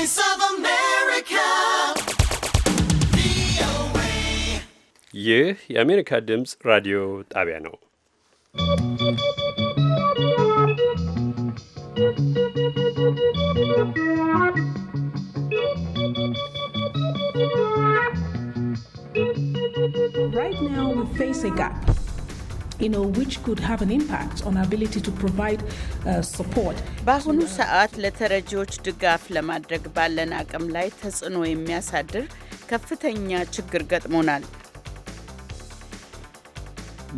Voice of America. ይህ የአሜሪካ ድምፅ ራዲዮ ጣቢያ ነው። Right now we face a gap. you know, which could have an impact on our ability to provide uh, support. በአሁኑ ሰዓት ለተረጂዎች ድጋፍ ለማድረግ ባለን አቅም ላይ ተጽዕኖ የሚያሳድር ከፍተኛ ችግር ገጥሞናል።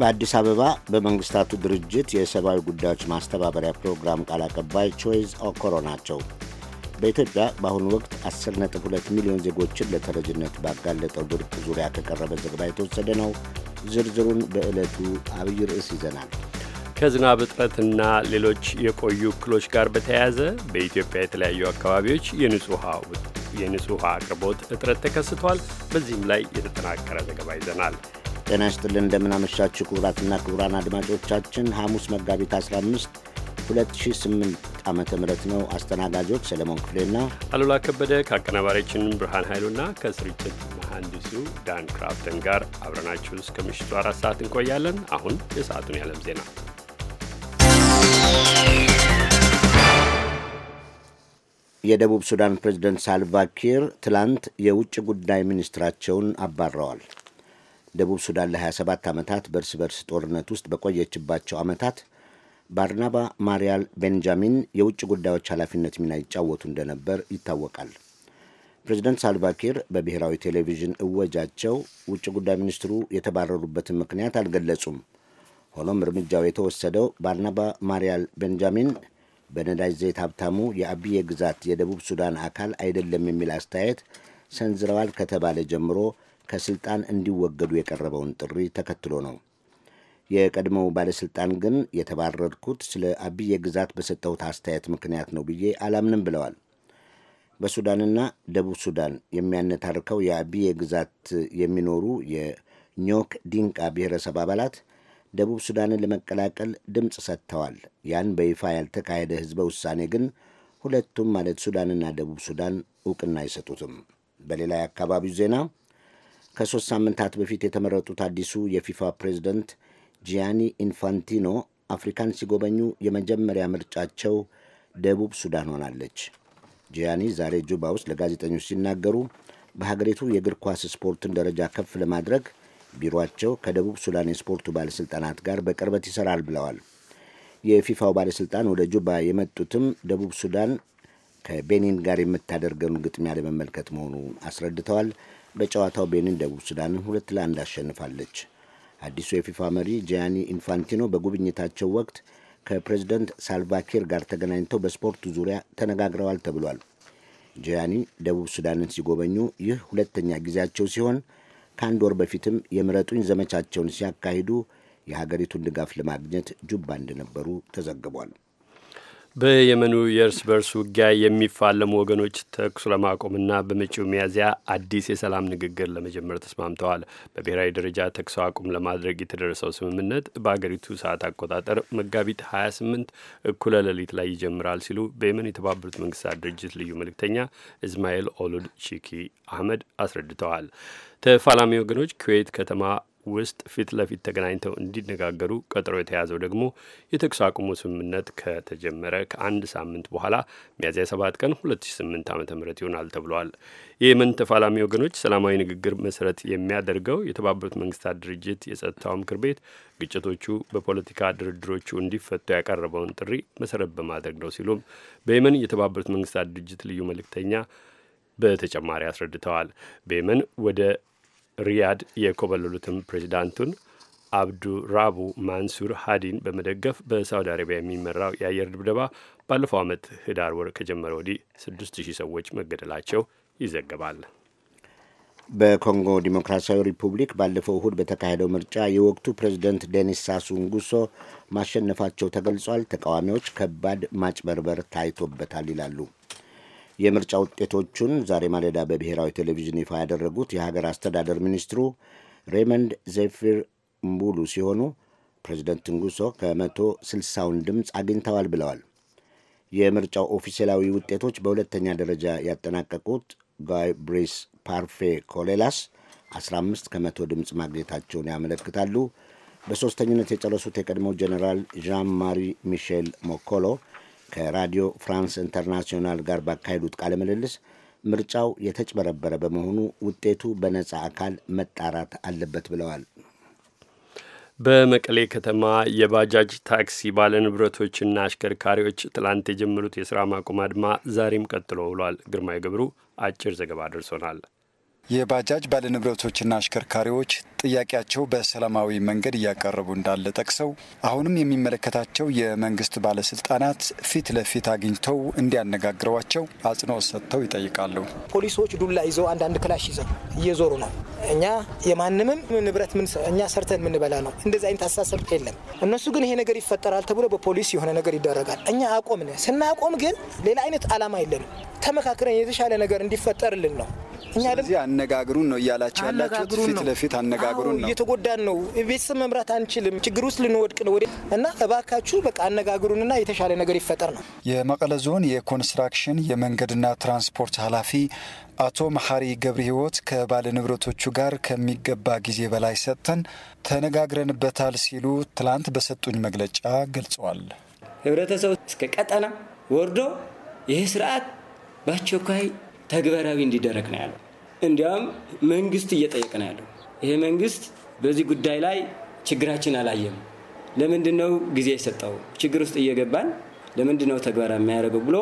በአዲስ አበባ በመንግስታቱ ድርጅት የሰብአዊ ጉዳዮች ማስተባበሪያ ፕሮግራም ቃል አቀባይ ቾይዝ ኦኮሮ ናቸው። በኢትዮጵያ በአሁኑ ወቅት 10.2 ሚሊዮን ዜጎችን ለተረጅነት ባጋለጠው ድርቅ ዙሪያ ከቀረበ ዘገባ የተወሰደ ነው። ዝርዝሩን በዕለቱ አብይ ርዕስ ይዘናል። ከዝናብ እጥረትና ሌሎች የቆዩ እክሎች ጋር በተያያዘ በኢትዮጵያ የተለያዩ አካባቢዎች የንጹህ ውሃ አቅርቦት እጥረት ተከስቷል። በዚህም ላይ የተጠናቀረ ዘገባ ይዘናል። ጤና ይስጥልን እንደምናመሻችሁ ክቡራትና ክቡራን አድማጮቻችን ሐሙስ መጋቢት 15 2008 ዓ ም ነው። አስተናጋጆች ሰለሞን ክፍሌና አሉላ ከበደ ከአቀናባሪያችን ብርሃን ኃይሉና ከስርጭት መሐንዲሱ ዳን ክራፍተን ጋር አብረናችሁን እስከ ምሽቱ አራት ሰዓት እንቆያለን። አሁን የሰዓቱን ያለም ዜና የደቡብ ሱዳን ፕሬዝደንት ሳልቫኪር ትላንት የውጭ ጉዳይ ሚኒስትራቸውን አባረዋል። ደቡብ ሱዳን ለ27 ዓመታት በእርስ በርስ ጦርነት ውስጥ በቆየችባቸው ዓመታት ባርናባ ማሪያል ቤንጃሚን የውጭ ጉዳዮች ኃላፊነት ሚና ይጫወቱ እንደነበር ይታወቃል። ፕሬዚደንት ሳልቫኪር በብሔራዊ ቴሌቪዥን እወጃቸው ውጭ ጉዳይ ሚኒስትሩ የተባረሩበትን ምክንያት አልገለጹም። ሆኖም እርምጃው የተወሰደው ባርናባ ማሪያል ቤንጃሚን በነዳጅ ዘይት ሀብታሙ የአብዬ ግዛት የደቡብ ሱዳን አካል አይደለም የሚል አስተያየት ሰንዝረዋል ከተባለ ጀምሮ ከስልጣን እንዲወገዱ የቀረበውን ጥሪ ተከትሎ ነው። የቀድሞው ባለስልጣን ግን የተባረርኩት ስለ አብዬ ግዛት በሰጠሁት አስተያየት ምክንያት ነው ብዬ አላምንም ብለዋል። በሱዳንና ደቡብ ሱዳን የሚያነታርከው የአብዬ ግዛት የሚኖሩ የኞክ ዲንቃ ብሔረሰብ አባላት ደቡብ ሱዳንን ለመቀላቀል ድምፅ ሰጥተዋል። ያን በይፋ ያልተካሄደ ህዝበ ውሳኔ ግን ሁለቱም ማለት ሱዳንና ደቡብ ሱዳን እውቅና አይሰጡትም። በሌላ የአካባቢው ዜና ከሦስት ሳምንታት በፊት የተመረጡት አዲሱ የፊፋ ፕሬዝደንት ጂያኒ ኢንፋንቲኖ አፍሪካን ሲጎበኙ የመጀመሪያ ምርጫቸው ደቡብ ሱዳን ሆናለች። ጂያኒ ዛሬ ጁባ ውስጥ ለጋዜጠኞች ሲናገሩ በሀገሪቱ የእግር ኳስ ስፖርትን ደረጃ ከፍ ለማድረግ ቢሮቸው ከደቡብ ሱዳን የስፖርቱ ባለሥልጣናት ጋር በቅርበት ይሠራል ብለዋል። የፊፋው ባለሥልጣን ወደ ጁባ የመጡትም ደቡብ ሱዳን ከቤኒን ጋር የምታደርገውን ግጥሚያ ለመመልከት መሆኑ አስረድተዋል። በጨዋታው ቤኒን ደቡብ ሱዳንን ሁለት ለአንድ አሸንፋለች። አዲሱ የፊፋ መሪ ጂያኒ ኢንፋንቲኖ በጉብኝታቸው ወቅት ከፕሬዝደንት ሳልቫኪር ጋር ተገናኝተው በስፖርቱ ዙሪያ ተነጋግረዋል ተብሏል። ጂያኒ ደቡብ ሱዳንን ሲጎበኙ ይህ ሁለተኛ ጊዜያቸው ሲሆን ከአንድ ወር በፊትም የምረጡኝ ዘመቻቸውን ሲያካሂዱ የሀገሪቱን ድጋፍ ለማግኘት ጁባ እንደነበሩ ተዘግቧል። በየመኑ የእርስ በርስ ውጊያ የሚፋለሙ ወገኖች ተኩስ ለማቆምና በመጪው ሚያዝያ አዲስ የሰላም ንግግር ለመጀመር ተስማምተዋል። በብሔራዊ ደረጃ ተኩስ አቁም ለማድረግ የተደረሰው ስምምነት በአገሪቱ ሰዓት አቆጣጠር መጋቢት 28 እኩለ ሌሊት ላይ ይጀምራል ሲሉ በየመን የተባበሩት መንግስታት ድርጅት ልዩ መልእክተኛ እስማኤል ኦሉድ ሺኪ አህመድ አስረድተዋል። ተፋላሚ ወገኖች ኩዌት ከተማ ውስጥ ፊት ለፊት ተገናኝተው እንዲነጋገሩ ቀጠሮ የተያዘው ደግሞ የተኩስ አቁሙ ስምምነት ከተጀመረ ከአንድ ሳምንት በኋላ ሚያዝያ 7 ቀን 2008 ዓ ም ይሆናል ተብሏል። የየመን ተፋላሚ ወገኖች ሰላማዊ ንግግር መሰረት የሚያደርገው የተባበሩት መንግስታት ድርጅት የጸጥታው ምክር ቤት ግጭቶቹ በፖለቲካ ድርድሮቹ እንዲፈቱ ያቀረበውን ጥሪ መሰረት በማድረግ ነው ሲሉም በየመን የተባበሩት መንግስታት ድርጅት ልዩ መልእክተኛ በተጨማሪ አስረድተዋል። በየመን ወደ ሪያድ የኮበለሉትን ፕሬዚዳንቱን አብዱራቡ ማንሱር ሃዲን በመደገፍ በሳውዲ አረቢያ የሚመራው የአየር ድብደባ ባለፈው ዓመት ህዳር ወር ከጀመረ ወዲህ 6000 ሰዎች መገደላቸው ይዘገባል። በኮንጎ ዲሞክራሲያዊ ሪፑብሊክ ባለፈው እሁድ በተካሄደው ምርጫ የወቅቱ ፕሬዚደንት ዴኒስ ሳሱ ንጉሶ ማሸነፋቸው ተገልጿል። ተቃዋሚዎች ከባድ ማጭበርበር ታይቶበታል ይላሉ። የምርጫ ውጤቶቹን ዛሬ ማለዳ በብሔራዊ ቴሌቪዥን ይፋ ያደረጉት የሀገር አስተዳደር ሚኒስትሩ ሬይመንድ ዜፊር ምቡሉ ሲሆኑ ፕሬዚደንት ንጉሶ ከመቶ ስልሳውን ድምፅ አግኝተዋል ብለዋል። የምርጫው ኦፊሴላዊ ውጤቶች በሁለተኛ ደረጃ ያጠናቀቁት ጋይ ብሬስ ፓርፌ ኮሌላስ 15 ከመቶ ድምፅ ማግኘታቸውን ያመለክታሉ። በሦስተኝነት የጨረሱት የቀድሞው ጀኔራል ዣን ማሪ ሚሼል ሞኮሎ ከራዲዮ ፍራንስ ኢንተርናሽናል ጋር ባካሄዱት ቃለ ምልልስ ምርጫው የተጭበረበረ በመሆኑ ውጤቱ በነጻ አካል መጣራት አለበት ብለዋል። በመቀሌ ከተማ የባጃጅ ታክሲ ባለንብረቶችና አሽከርካሪዎች ትላንት የጀመሩት የስራ ማቆም አድማ ዛሬም ቀጥሎ ውሏል። ግርማይ ገብሩ አጭር ዘገባ ደርሶናል። የባጃጅ ባለንብረቶችና አሽከርካሪዎች ጥያቄያቸው በሰላማዊ መንገድ እያቀረቡ እንዳለ ጠቅሰው አሁንም የሚመለከታቸው የመንግስት ባለስልጣናት ፊት ለፊት አግኝተው እንዲያነጋግሯቸው አጽንኦት ሰጥተው ይጠይቃሉ። ፖሊሶች ዱላ ይዘው አንዳንድ ክላሽ ይዘው እየዞሩ ነው። እኛ የማንምም ንብረት እኛ ሰርተን የምንበላ ነው። እንደዚህ አይነት አስተሳሰብ የለም። እነሱ ግን ይሄ ነገር ይፈጠራል ተብሎ በፖሊስ የሆነ ነገር ይደረጋል። እኛ አቆምን። ስናቆም ግን ሌላ አይነት አላማ የለንም። ተመካክረን የተሻለ ነገር እንዲፈጠርልን ነው። እኛ አነጋግሩን ነው እያላችሁ ያላችሁት። ፊት ለፊት አነጋግሩን ነው። እየተጎዳን ነው። ቤተሰብ መምራት አንችልም። ችግር ውስጥ ልንወድቅ ነው እና እባካችሁ በቃ አነጋግሩንና የተሻለ ነገር ይፈጠር ነው። የመቀለ ዞን የኮንስትራክሽን የመንገድና ትራንስፖርት ኃላፊ አቶ መሐሪ ገብረ ህይወት ከባለ ንብረቶቹ ጋር ከሚገባ ጊዜ በላይ ሰጥተን ተነጋግረንበታል ሲሉ ትላንት በሰጡኝ መግለጫ ገልጸዋል። ህብረተሰቡ እስከ ቀጠና ወርዶ ይህ ስርዓት በአስቸኳይ ተግባራዊ እንዲደረግ ነው ያለው። እንዲያውም መንግስት እየጠየቀ ነው ያለው። ይሄ መንግስት በዚህ ጉዳይ ላይ ችግራችን አላየም፣ ለምንድን ነው ጊዜ የሰጠው? ችግር ውስጥ እየገባን ለምንድን ነው ተግባራዊ የሚያደርገው ብሎ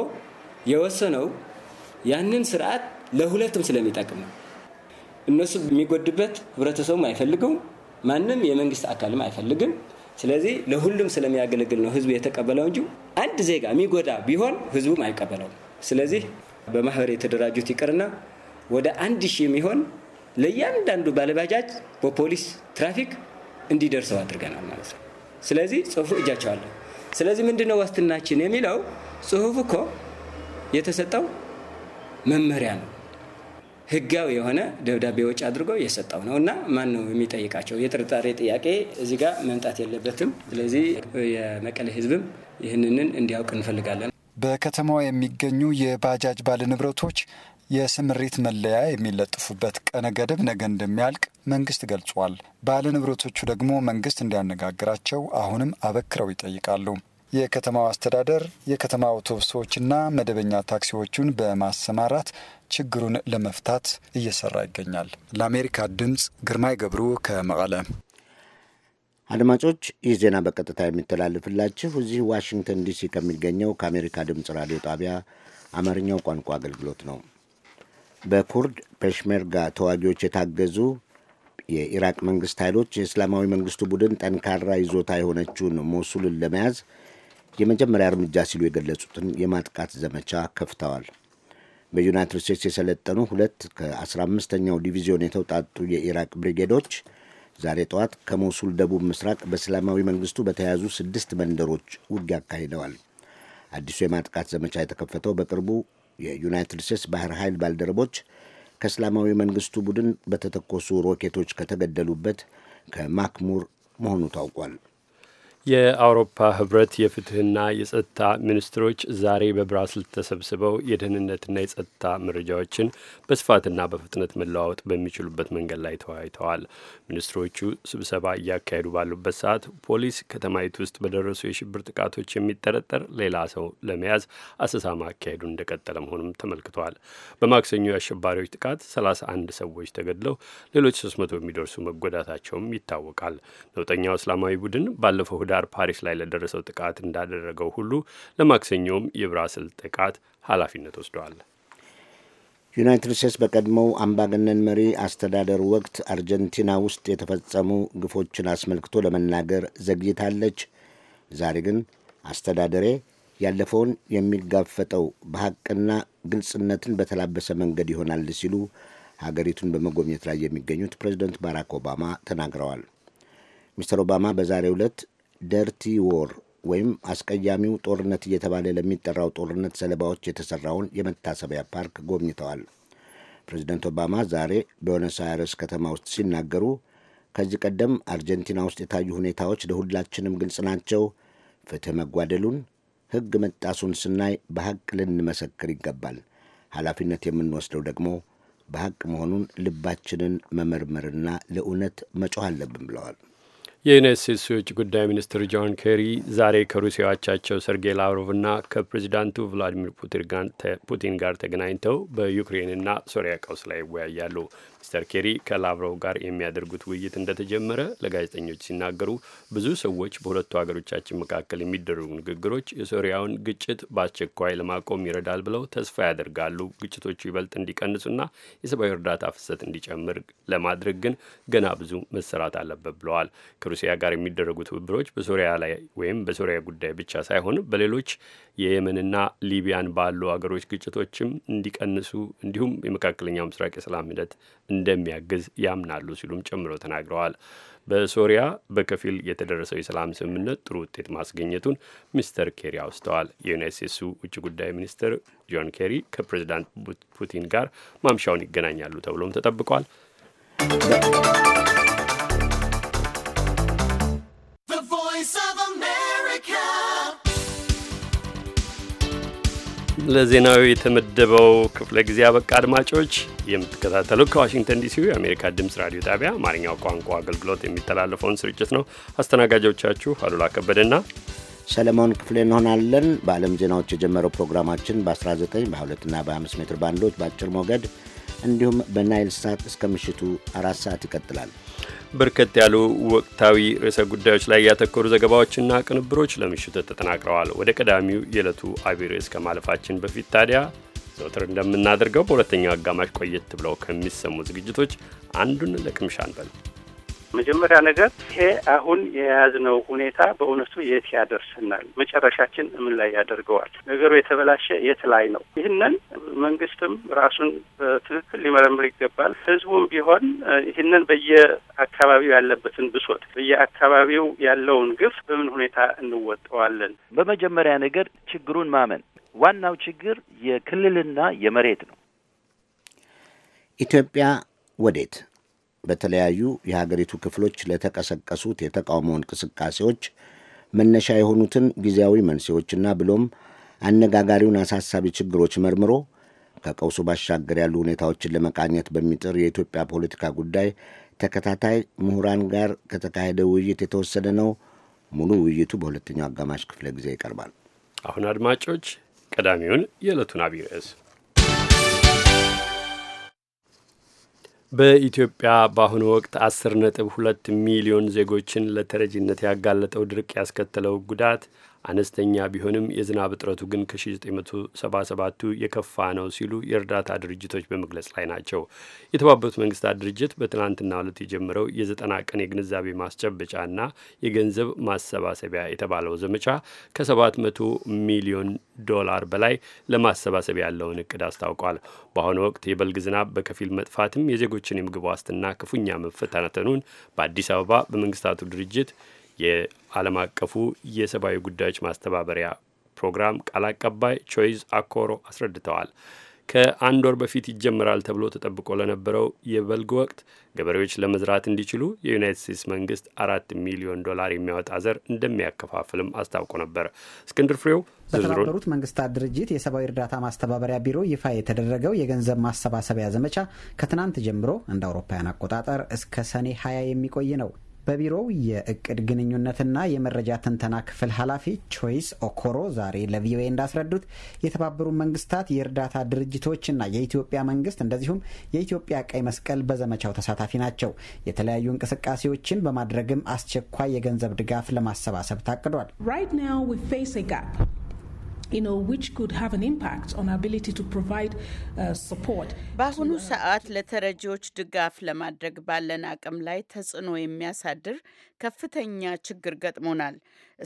የወሰነው ያንን ስርዓት ለሁለትም ስለሚጠቅም ነው። እነሱ የሚጎድበት ህብረተሰቡም አይፈልገውም፣ ማንም የመንግስት አካልም አይፈልግም። ስለዚህ ለሁሉም ስለሚያገለግል ነው ህዝብ የተቀበለው እንጂ አንድ ዜጋ የሚጎዳ ቢሆን ህዝቡም አይቀበለውም። ስለዚህ በማህበር የተደራጁት ይቅርና ወደ አንድ ሺህ የሚሆን ለእያንዳንዱ ባለባጃጅ በፖሊስ ትራፊክ እንዲደርሰው አድርገናል ማለት ነው። ስለዚህ ጽሁፉ እጃቸው አለ። ስለዚህ ምንድነው ዋስትናችን የሚለው ጽሁፍ እኮ የተሰጠው መመሪያ ነው። ህጋዊ የሆነ ደብዳቤ ወጪ አድርጎ የሰጠው ነው እና ማን ነው የሚጠይቃቸው? የጥርጣሬ ጥያቄ እዚህ ጋር መምጣት የለበትም። ስለዚህ የመቀሌ ህዝብም ይህንንን እንዲያውቅ እንፈልጋለን። በከተማዋ የሚገኙ የባጃጅ ባለንብረቶች የስምሪት መለያ የሚለጥፉበት ቀነ ገደብ ነገ እንደሚያልቅ መንግስት ገልጿል። ባለንብረቶቹ ደግሞ መንግስት እንዲያነጋግራቸው አሁንም አበክረው ይጠይቃሉ። የከተማው አስተዳደር የከተማ አውቶቡሶችና መደበኛ ታክሲዎቹን በማሰማራት ችግሩን ለመፍታት እየሰራ ይገኛል። ለአሜሪካ ድምፅ ግርማይ ገብሩ ከመቀለ አድማጮች ይህ ዜና በቀጥታ የሚተላልፍላችሁ እዚህ ዋሽንግተን ዲሲ ከሚገኘው ከአሜሪካ ድምፅ ራዲዮ ጣቢያ አማርኛው ቋንቋ አገልግሎት ነው። በኩርድ ፔሽሜርጋ ተዋጊዎች የታገዙ የኢራቅ መንግስት ኃይሎች የእስላማዊ መንግስቱ ቡድን ጠንካራ ይዞታ የሆነችውን ሞሱልን ለመያዝ የመጀመሪያ እርምጃ ሲሉ የገለጹትን የማጥቃት ዘመቻ ከፍተዋል። በዩናይትድ ስቴትስ የሰለጠኑ ሁለት ከ15ኛው ዲቪዚዮን የተውጣጡ የኢራቅ ብሪጌዶች ዛሬ ጠዋት ከሞሱል ደቡብ ምስራቅ በእስላማዊ መንግስቱ በተያዙ ስድስት መንደሮች ውጊያ አካሂደዋል። አዲሱ የማጥቃት ዘመቻ የተከፈተው በቅርቡ የዩናይትድ ስቴትስ ባህር ኃይል ባልደረቦች ከእስላማዊ መንግስቱ ቡድን በተተኮሱ ሮኬቶች ከተገደሉበት ከማክሙር መሆኑ ታውቋል። የአውሮፓ ህብረት የፍትህና የጸጥታ ሚኒስትሮች ዛሬ በብራስል ተሰብስበው የደህንነትና የጸጥታ መረጃዎችን በስፋትና በፍጥነት መለዋወጥ በሚችሉበት መንገድ ላይ ተወያይተዋል። ሚኒስትሮቹ ስብሰባ እያካሄዱ ባሉበት ሰዓት ፖሊስ ከተማይቱ ውስጥ በደረሱ የሽብር ጥቃቶች የሚጠረጠር ሌላ ሰው ለመያዝ አሰሳ ማካሄዱን እንደቀጠለ መሆኑም ተመልክቷል። በማክሰኞ የአሸባሪዎች ጥቃት 31 ሰዎች ተገድለው ሌሎች 300 የሚደርሱ መጎዳታቸውም ይታወቃል። ነውጠኛው እስላማዊ ቡድን ባለፈው ዳር ፓሪስ ላይ ለደረሰው ጥቃት እንዳደረገው ሁሉ ለማክሰኞም የብራስል ጥቃት ኃላፊነት ወስደዋል። ዩናይትድ ስቴትስ በቀድሞው አምባገነን መሪ አስተዳደር ወቅት አርጀንቲና ውስጥ የተፈጸሙ ግፎችን አስመልክቶ ለመናገር ዘግይታለች። ዛሬ ግን አስተዳደሬ ያለፈውን የሚጋፈጠው በሐቅና ግልጽነትን በተላበሰ መንገድ ይሆናል ሲሉ ሀገሪቱን በመጎብኘት ላይ የሚገኙት ፕሬዚደንት ባራክ ኦባማ ተናግረዋል። ሚስተር ኦባማ በዛሬው ዕለት ደርቲ ዎር ወይም አስቀያሚው ጦርነት እየተባለ ለሚጠራው ጦርነት ሰለባዎች የተሰራውን የመታሰቢያ ፓርክ ጎብኝተዋል። ፕሬዚደንት ኦባማ ዛሬ በቡኤኖስ አይረስ ከተማ ውስጥ ሲናገሩ ከዚህ ቀደም አርጀንቲና ውስጥ የታዩ ሁኔታዎች ለሁላችንም ግልጽ ናቸው። ፍትሕ መጓደሉን፣ ሕግ መጣሱን ስናይ በሐቅ ልንመሰክር ይገባል። ኃላፊነት የምንወስደው ደግሞ በሐቅ መሆኑን ልባችንን መመርመርና ለእውነት መጮህ አለብን ብለዋል። የዩናይት ስቴትስ የውጭ ጉዳይ ሚኒስትር ጆን ኬሪ ዛሬ ከሩሲያ አቻቸው ሰርጌይ ላቭሮቭና ከፕሬዚዳንቱ ቭላዲሚር ፑቲን ጋር ተገናኝተው በዩክሬንና ሶሪያ ቀውስ ላይ ይወያያሉ። ሚስተር ኬሪ ከላቭሮቭ ጋር የሚያደርጉት ውይይት እንደተጀመረ ለጋዜጠኞች ሲናገሩ ብዙ ሰዎች በሁለቱ ሀገሮቻችን መካከል የሚደረጉ ንግግሮች የሶሪያውን ግጭት በአስቸኳይ ለማቆም ይረዳል ብለው ተስፋ ያደርጋሉ። ግጭቶቹ ይበልጥ እንዲቀንሱና የሰብአዊ እርዳታ ፍሰት እንዲጨምር ለማድረግ ግን ገና ብዙ መሰራት አለበት ብለዋል። ከሩሲያ ጋር የሚደረጉ ትብብሮች በሶሪያ ላይ ወይም በሶሪያ ጉዳይ ብቻ ሳይሆን በሌሎች የየመንና ሊቢያን ባሉ አገሮች ግጭቶችም እንዲቀንሱ እንዲሁም የመካከለኛው ምስራቅ የሰላም ሂደት እንደሚያግዝ ያምናሉ ሲሉም ጨምሮ ተናግረዋል። በሶሪያ በከፊል የተደረሰው የሰላም ስምምነት ጥሩ ውጤት ማስገኘቱን ሚስተር ኬሪ አውስተዋል። የዩናይት ስቴትሱ ውጭ ጉዳይ ሚኒስትር ጆን ኬሪ ከፕሬዚዳንት ፑቲን ጋር ማምሻውን ይገናኛሉ ተብሎም ተጠብቋል። ለዜናዊ የተመደበው ክፍለ ጊዜ አበቃ። አድማጮች የምትከታተሉት ከዋሽንግተን ዲሲው የአሜሪካ ድምፅ ራዲዮ ጣቢያ አማርኛው ቋንቋ አገልግሎት የሚተላለፈውን ስርጭት ነው። አስተናጋጆቻችሁ አሉላ ከበደና ሰለሞን ክፍሌ እንሆናለን። በዓለም ዜናዎች የጀመረው ፕሮግራማችን በ19 በ2ና በ5 ሜትር ባንዶች በአጭር ሞገድ እንዲሁም በናይል ሳት እስከ ምሽቱ አራት ሰዓት ይቀጥላል። በርከት ያሉ ወቅታዊ ርዕሰ ጉዳዮች ላይ ያተኮሩ ዘገባዎችና ቅንብሮች ለምሽቱ ተጠናቅረዋል። ወደ ቀዳሚው የዕለቱ አቢይ ርዕስ ከማለፋችን በፊት ታዲያ ዘውትር እንደምናደርገው በሁለተኛው አጋማሽ ቆየት ብለው ከሚሰሙ ዝግጅቶች አንዱን ለቅምሻ አንበል። መጀመሪያ ነገር ይሄ አሁን የያዝነው ሁኔታ በእውነቱ የት ያደርስናል? መጨረሻችን ምን ላይ ያደርገዋል? ነገሩ የተበላሸ የት ላይ ነው? ይህንን መንግስትም ራሱን በትክክል ሊመረምር ይገባል። ህዝቡም ቢሆን ይህንን በየአካባቢው ያለበትን ብሶት፣ በየአካባቢው ያለውን ግፍ በምን ሁኔታ እንወጠዋለን? በመጀመሪያ ነገር ችግሩን ማመን። ዋናው ችግር የክልልና የመሬት ነው። ኢትዮጵያ ወዴት በተለያዩ የሀገሪቱ ክፍሎች ለተቀሰቀሱት የተቃውሞ እንቅስቃሴዎች መነሻ የሆኑትን ጊዜያዊ መንስኤዎችና ብሎም አነጋጋሪውን አሳሳቢ ችግሮች መርምሮ ከቀውሱ ባሻገር ያሉ ሁኔታዎችን ለመቃኘት በሚጥር የኢትዮጵያ ፖለቲካ ጉዳይ ተከታታይ ምሁራን ጋር ከተካሄደ ውይይት የተወሰደ ነው። ሙሉ ውይይቱ በሁለተኛው አጋማሽ ክፍለ ጊዜ ይቀርባል። አሁን አድማጮች፣ ቀዳሚውን የዕለቱን አብይ ርዕስ በኢትዮጵያ በአሁኑ ወቅት አስር ነጥብ ሁለት ሚሊዮን ዜጎችን ለተረጂነት ያጋለጠው ድርቅ ያስከተለው ጉዳት አነስተኛ ቢሆንም የዝናብ እጥረቱ ግን ከ1977ቱ የከፋ ነው ሲሉ የእርዳታ ድርጅቶች በመግለጽ ላይ ናቸው። የተባበሩት መንግስታት ድርጅት በትናንትና ዕለት የጀመረው የዘጠና ቀን የግንዛቤ ማስጨበጫና የገንዘብ ማሰባሰቢያ የተባለው ዘመቻ ከ700 ሚሊዮን ዶላር በላይ ለማሰባሰብ ያለውን እቅድ አስታውቋል። በአሁኑ ወቅት የበልግ ዝናብ በከፊል መጥፋትም የዜጎችን የምግብ ዋስትና ክፉኛ መፈታተኑን በአዲስ አበባ በመንግስታቱ ድርጅት የዓለም አቀፉ የሰብአዊ ጉዳዮች ማስተባበሪያ ፕሮግራም ቃል አቀባይ ቾይዝ አኮሮ አስረድተዋል። ከአንድ ወር በፊት ይጀምራል ተብሎ ተጠብቆ ለነበረው የበልግ ወቅት ገበሬዎች ለመዝራት እንዲችሉ የዩናይትድ ስቴትስ መንግስት አራት ሚሊዮን ዶላር የሚያወጣ ዘር እንደሚያከፋፍልም አስታውቆ ነበር። እስክንድር ፍሬው በተባበሩት መንግስታት ድርጅት የሰብአዊ እርዳታ ማስተባበሪያ ቢሮ ይፋ የተደረገው የገንዘብ ማሰባሰቢያ ዘመቻ ከትናንት ጀምሮ እንደ አውሮፓውያን አቆጣጠር እስከ ሰኔ ሀያ የሚቆይ ነው። በቢሮው የእቅድ ግንኙነትና የመረጃ ትንተና ክፍል ኃላፊ ቾይስ ኦኮሮ ዛሬ ለቪኦኤ እንዳስረዱት የተባበሩት መንግስታት የእርዳታ ድርጅቶችና የኢትዮጵያ መንግስት እንደዚሁም የኢትዮጵያ ቀይ መስቀል በዘመቻው ተሳታፊ ናቸው። የተለያዩ እንቅስቃሴዎችን በማድረግም አስቸኳይ የገንዘብ ድጋፍ ለማሰባሰብ ታቅዷል። በአሁኑ ሰዓት ለተረጂዎች ድጋፍ ለማድረግ ባለን አቅም ላይ ተጽዕኖ የሚያሳድር ከፍተኛ ችግር ገጥሞናል።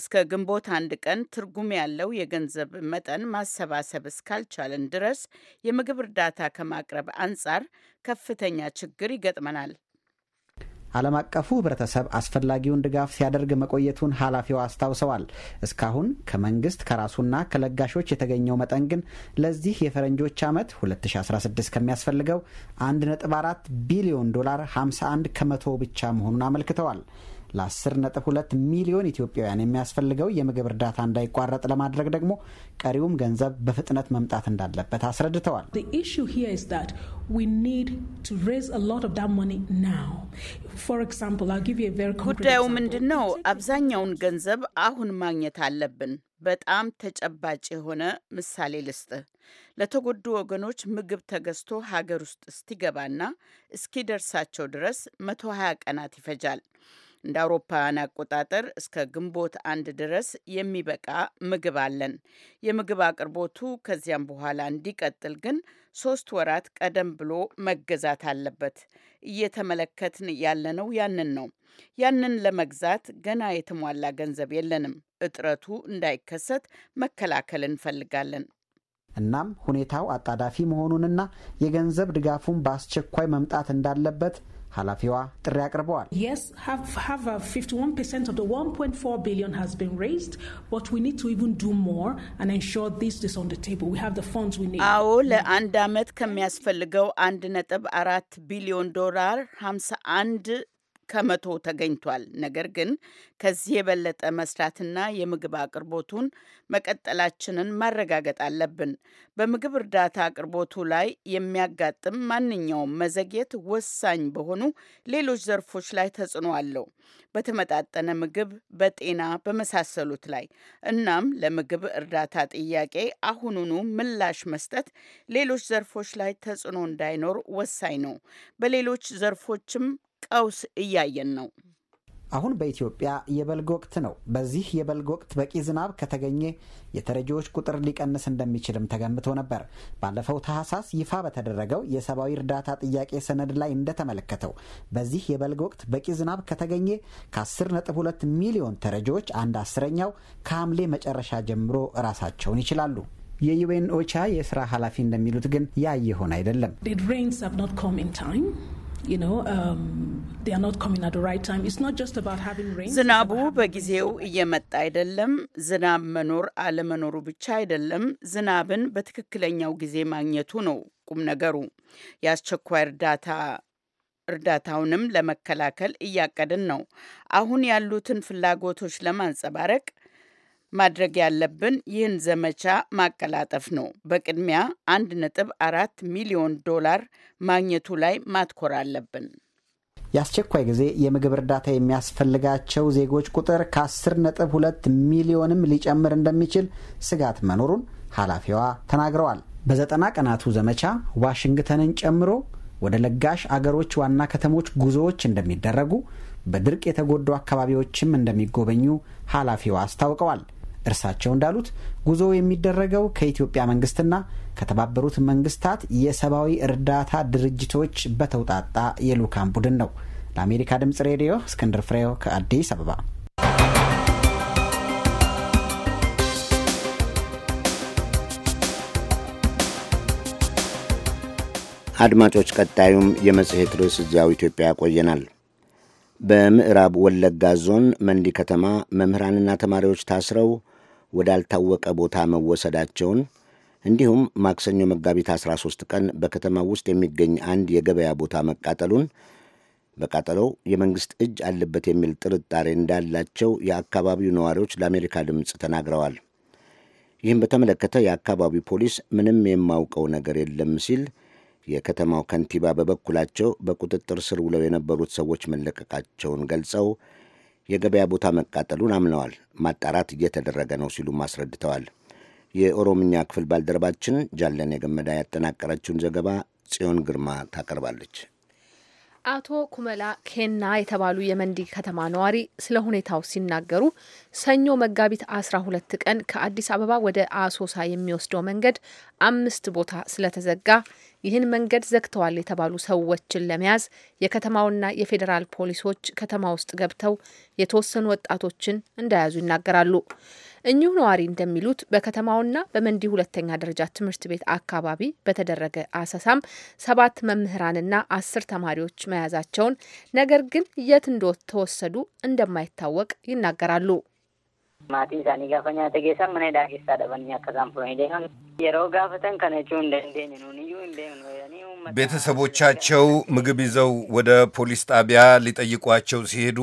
እስከ ግንቦት አንድ ቀን ትርጉም ያለው የገንዘብ መጠን ማሰባሰብ እስካልቻለን ድረስ የምግብ እርዳታ ከማቅረብ አንጻር ከፍተኛ ችግር ይገጥመናል። ዓለም አቀፉ ህብረተሰብ አስፈላጊውን ድጋፍ ሲያደርግ መቆየቱን ኃላፊው አስታውሰዋል። እስካሁን ከመንግስት ከራሱና ከለጋሾች የተገኘው መጠን ግን ለዚህ የፈረንጆች ዓመት 2016 ከሚያስፈልገው 1.4 ቢሊዮን ዶላር 51 ከመቶ ብቻ መሆኑን አመልክተዋል። ለ10.2 ሚሊዮን ኢትዮጵያውያን የሚያስፈልገው የምግብ እርዳታ እንዳይቋረጥ ለማድረግ ደግሞ ቀሪውም ገንዘብ በፍጥነት መምጣት እንዳለበት አስረድተዋል። ጉዳዩ ምንድን ነው? አብዛኛውን ገንዘብ አሁን ማግኘት አለብን። በጣም ተጨባጭ የሆነ ምሳሌ ልስጥ። ለተጎዱ ወገኖች ምግብ ተገዝቶ ሀገር ውስጥ እስቲገባና እስኪደርሳቸው ድረስ 120 ቀናት ይፈጃል። እንደ አውሮፓውያን አቆጣጠር እስከ ግንቦት አንድ ድረስ የሚበቃ ምግብ አለን። የምግብ አቅርቦቱ ከዚያም በኋላ እንዲቀጥል ግን ሶስት ወራት ቀደም ብሎ መገዛት አለበት። እየተመለከትን ያለነው ያንን ነው። ያንን ለመግዛት ገና የተሟላ ገንዘብ የለንም። እጥረቱ እንዳይከሰት መከላከል እንፈልጋለን። እናም ሁኔታው አጣዳፊ መሆኑንና የገንዘብ ድጋፉን በአስቸኳይ መምጣት እንዳለበት ኃላፊዋ ጥሪ አቅርበዋል። አዎ ለአንድ ዓመት ከሚያስፈልገው አንድ ነጥብ አራት ቢሊዮን ዶላር 51 ከመቶ ተገኝቷል። ነገር ግን ከዚህ የበለጠ መስራትና የምግብ አቅርቦቱን መቀጠላችንን ማረጋገጥ አለብን። በምግብ እርዳታ አቅርቦቱ ላይ የሚያጋጥም ማንኛውም መዘግየት ወሳኝ በሆኑ ሌሎች ዘርፎች ላይ ተጽዕኖ አለው፣ በተመጣጠነ ምግብ፣ በጤና በመሳሰሉት ላይ። እናም ለምግብ እርዳታ ጥያቄ አሁኑኑ ምላሽ መስጠት ሌሎች ዘርፎች ላይ ተጽዕኖ እንዳይኖር ወሳኝ ነው። በሌሎች ዘርፎችም ቀውስ እያየን ነው። አሁን በኢትዮጵያ የበልግ ወቅት ነው። በዚህ የበልግ ወቅት በቂ ዝናብ ከተገኘ የተረጂዎች ቁጥር ሊቀንስ እንደሚችልም ተገምቶ ነበር። ባለፈው ታህሳስ ይፋ በተደረገው የሰብአዊ እርዳታ ጥያቄ ሰነድ ላይ እንደተመለከተው በዚህ የበልግ ወቅት በቂ ዝናብ ከተገኘ ከ10.2 ሚሊዮን ተረጂዎች አንድ አስረኛው ከሐምሌ መጨረሻ ጀምሮ ራሳቸውን ይችላሉ። የዩኤን ኦቻ የስራ ኃላፊ እንደሚሉት ግን ያ የሆነ አይደለም። Um, ዝናቡ በጊዜው እየመጣ አይደለም። ዝናብ መኖር አለመኖሩ ብቻ አይደለም፣ ዝናብን በትክክለኛው ጊዜ ማግኘቱ ነው ቁም ነገሩ። የአስቸኳይ እርዳታ እርዳታውንም ለመከላከል እያቀድን ነው። አሁን ያሉትን ፍላጎቶች ለማንጸባረቅ ማድረግ ያለብን ይህን ዘመቻ ማቀላጠፍ ነው። በቅድሚያ 1.4 ሚሊዮን ዶላር ማግኘቱ ላይ ማትኮር አለብን። የአስቸኳይ ጊዜ የምግብ እርዳታ የሚያስፈልጋቸው ዜጎች ቁጥር ከ10.2 ሚሊዮንም ሊጨምር እንደሚችል ስጋት መኖሩን ኃላፊዋ ተናግረዋል። በዘጠና ቀናቱ ዘመቻ ዋሽንግተንን ጨምሮ ወደ ለጋሽ አገሮች ዋና ከተሞች ጉዞዎች እንደሚደረጉ፣ በድርቅ የተጎዱ አካባቢዎችም እንደሚጎበኙ ኃላፊዋ አስታውቀዋል። እርሳቸው እንዳሉት ጉዞ የሚደረገው ከኢትዮጵያ መንግስትና ከተባበሩት መንግስታት የሰብአዊ እርዳታ ድርጅቶች በተውጣጣ የልኡካን ቡድን ነው። ለአሜሪካ ድምፅ ሬዲዮ እስክንድር ፍሬው ከአዲስ አበባ። አድማጮች፣ ቀጣዩም የመጽሔት ርዕስ እዚያው ኢትዮጵያ ያቆየናል። በምዕራብ ወለጋ ዞን መንዲ ከተማ መምህራንና ተማሪዎች ታስረው ወዳልታወቀ ቦታ መወሰዳቸውን እንዲሁም ማክሰኞ መጋቢት 13 ቀን በከተማው ውስጥ የሚገኝ አንድ የገበያ ቦታ መቃጠሉን በቃጠለው የመንግሥት እጅ አለበት የሚል ጥርጣሬ እንዳላቸው የአካባቢው ነዋሪዎች ለአሜሪካ ድምፅ ተናግረዋል። ይህም በተመለከተ የአካባቢው ፖሊስ ምንም የማውቀው ነገር የለም ሲል፣ የከተማው ከንቲባ በበኩላቸው በቁጥጥር ስር ውለው የነበሩት ሰዎች መለቀቃቸውን ገልጸው የገበያ ቦታ መቃጠሉን አምነዋል። ማጣራት እየተደረገ ነው ሲሉም አስረድተዋል። የኦሮምኛ ክፍል ባልደረባችን ጃለን የገመዳ ያጠናቀረችውን ዘገባ ጽዮን ግርማ ታቀርባለች። አቶ ኩመላ ኬና የተባሉ የመንዲ ከተማ ነዋሪ ስለ ሁኔታው ሲናገሩ ሰኞ መጋቢት 12 ቀን ከአዲስ አበባ ወደ አሶሳ የሚወስደው መንገድ አምስት ቦታ ስለተዘጋ ይህን መንገድ ዘግተዋል የተባሉ ሰዎችን ለመያዝ የከተማውና የፌዴራል ፖሊሶች ከተማ ውስጥ ገብተው የተወሰኑ ወጣቶችን እንደያዙ ይናገራሉ። እኚሁ ነዋሪ እንደሚሉት በከተማውና በመንዲ ሁለተኛ ደረጃ ትምህርት ቤት አካባቢ በተደረገ አሰሳም ሰባት መምህራንና አስር ተማሪዎች መያዛቸውን ነገር ግን የት እንደተወሰዱ እንደማይታወቅ ይናገራሉ። maatii isaanii gaafa nyaata geessan mana hidhaa keessaa dhabanii akkasaan furanii deeman yeroo gaafatan kana jechuun hin dandeenye nuun iyyuu hin deemnu ቤተሰቦቻቸው ምግብ ይዘው ወደ ፖሊስ ጣቢያ ሊጠይቋቸው ሲሄዱ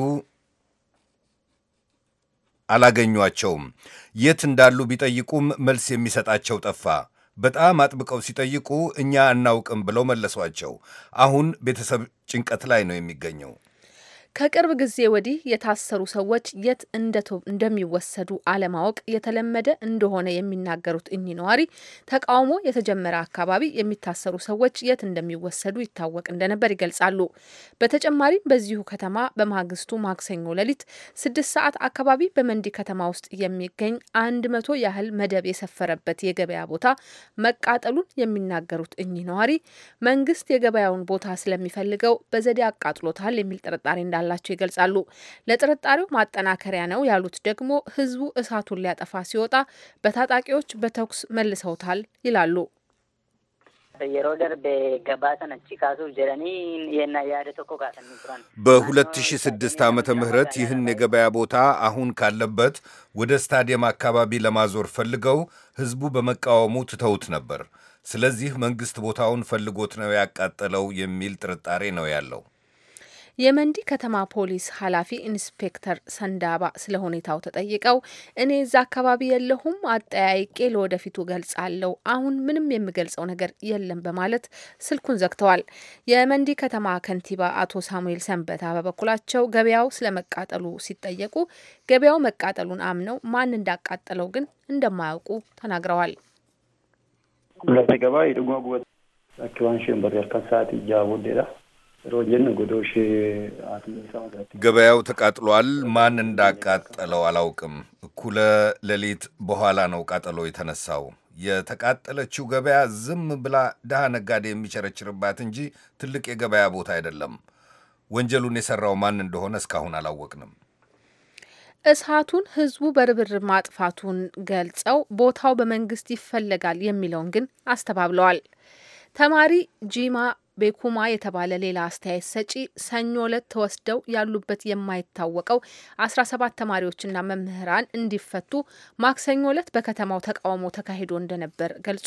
አላገኟቸውም። የት እንዳሉ ቢጠይቁም መልስ የሚሰጣቸው ጠፋ። በጣም አጥብቀው ሲጠይቁ እኛ አናውቅም ብለው መለሷቸው። አሁን ቤተሰብ ጭንቀት ላይ ነው የሚገኘው። ከቅርብ ጊዜ ወዲህ የታሰሩ ሰዎች የት እንደሚወሰዱ አለማወቅ የተለመደ እንደሆነ የሚናገሩት እኚህ ነዋሪ ተቃውሞ የተጀመረ አካባቢ የሚታሰሩ ሰዎች የት እንደሚወሰዱ ይታወቅ እንደነበር ይገልጻሉ። በተጨማሪም በዚሁ ከተማ በማግስቱ ማክሰኞ ሌሊት ስድስት ሰዓት አካባቢ በመንዲ ከተማ ውስጥ የሚገኝ አንድ መቶ ያህል መደብ የሰፈረበት የገበያ ቦታ መቃጠሉን የሚናገሩት እኚህ ነዋሪ መንግስት የገበያውን ቦታ ስለሚፈልገው በዘዴ አቃጥሎታል የሚል ጥርጣሬ እንዳለ እንዳላቸው ይገልጻሉ። ለጥርጣሬው ማጠናከሪያ ነው ያሉት ደግሞ ህዝቡ እሳቱን ሊያጠፋ ሲወጣ በታጣቂዎች በተኩስ መልሰውታል ይላሉ። በ2006 ዓመተ ምህረት ይህን የገበያ ቦታ አሁን ካለበት ወደ ስታዲየም አካባቢ ለማዞር ፈልገው ህዝቡ በመቃወሙ ትተውት ነበር። ስለዚህ መንግሥት ቦታውን ፈልጎት ነው ያቃጠለው የሚል ጥርጣሬ ነው ያለው። የመንዲ ከተማ ፖሊስ ኃላፊ ኢንስፔክተር ሰንዳባ ስለ ሁኔታው ተጠይቀው እኔ እዛ አካባቢ የለሁም፣ አጠያይቄ ለወደፊቱ ገልጻለሁ፣ አሁን ምንም የምገልጸው ነገር የለም በማለት ስልኩን ዘግተዋል። የመንዲ ከተማ ከንቲባ አቶ ሳሙኤል ሰንበታ በበኩላቸው ገበያው ስለ መቃጠሉ ሲጠየቁ ገበያው መቃጠሉን አምነው ማን እንዳቃጠለው ግን እንደማያውቁ ተናግረዋል። ሁለት ገባ የድጓጉበት ጉበት አኪዋንሽን ያልከን ሰዓት እጃ ቦዴዳ ገበያው ተቃጥሏል። ማን እንዳቃጠለው አላውቅም። እኩለ ሌሊት በኋላ ነው ቃጠሎ የተነሳው። የተቃጠለችው ገበያ ዝም ብላ ድሃ ነጋዴ የሚቸረችርባት እንጂ ትልቅ የገበያ ቦታ አይደለም። ወንጀሉን የሰራው ማን እንደሆነ እስካሁን አላወቅንም። እሳቱን ህዝቡ በርብርብ ማጥፋቱን ገልጸው ቦታው በመንግስት ይፈለጋል የሚለውን ግን አስተባብለዋል። ተማሪ ጂማ ቤኩማ የተባለ ሌላ አስተያየት ሰጪ ሰኞ ለት ተወስደው ያሉበት የማይታወቀው አስራ ሰባት ተማሪዎችና መምህራን እንዲፈቱ ማክሰኞ ለት በከተማው ተቃውሞ ተካሂዶ እንደነበር ገልጾ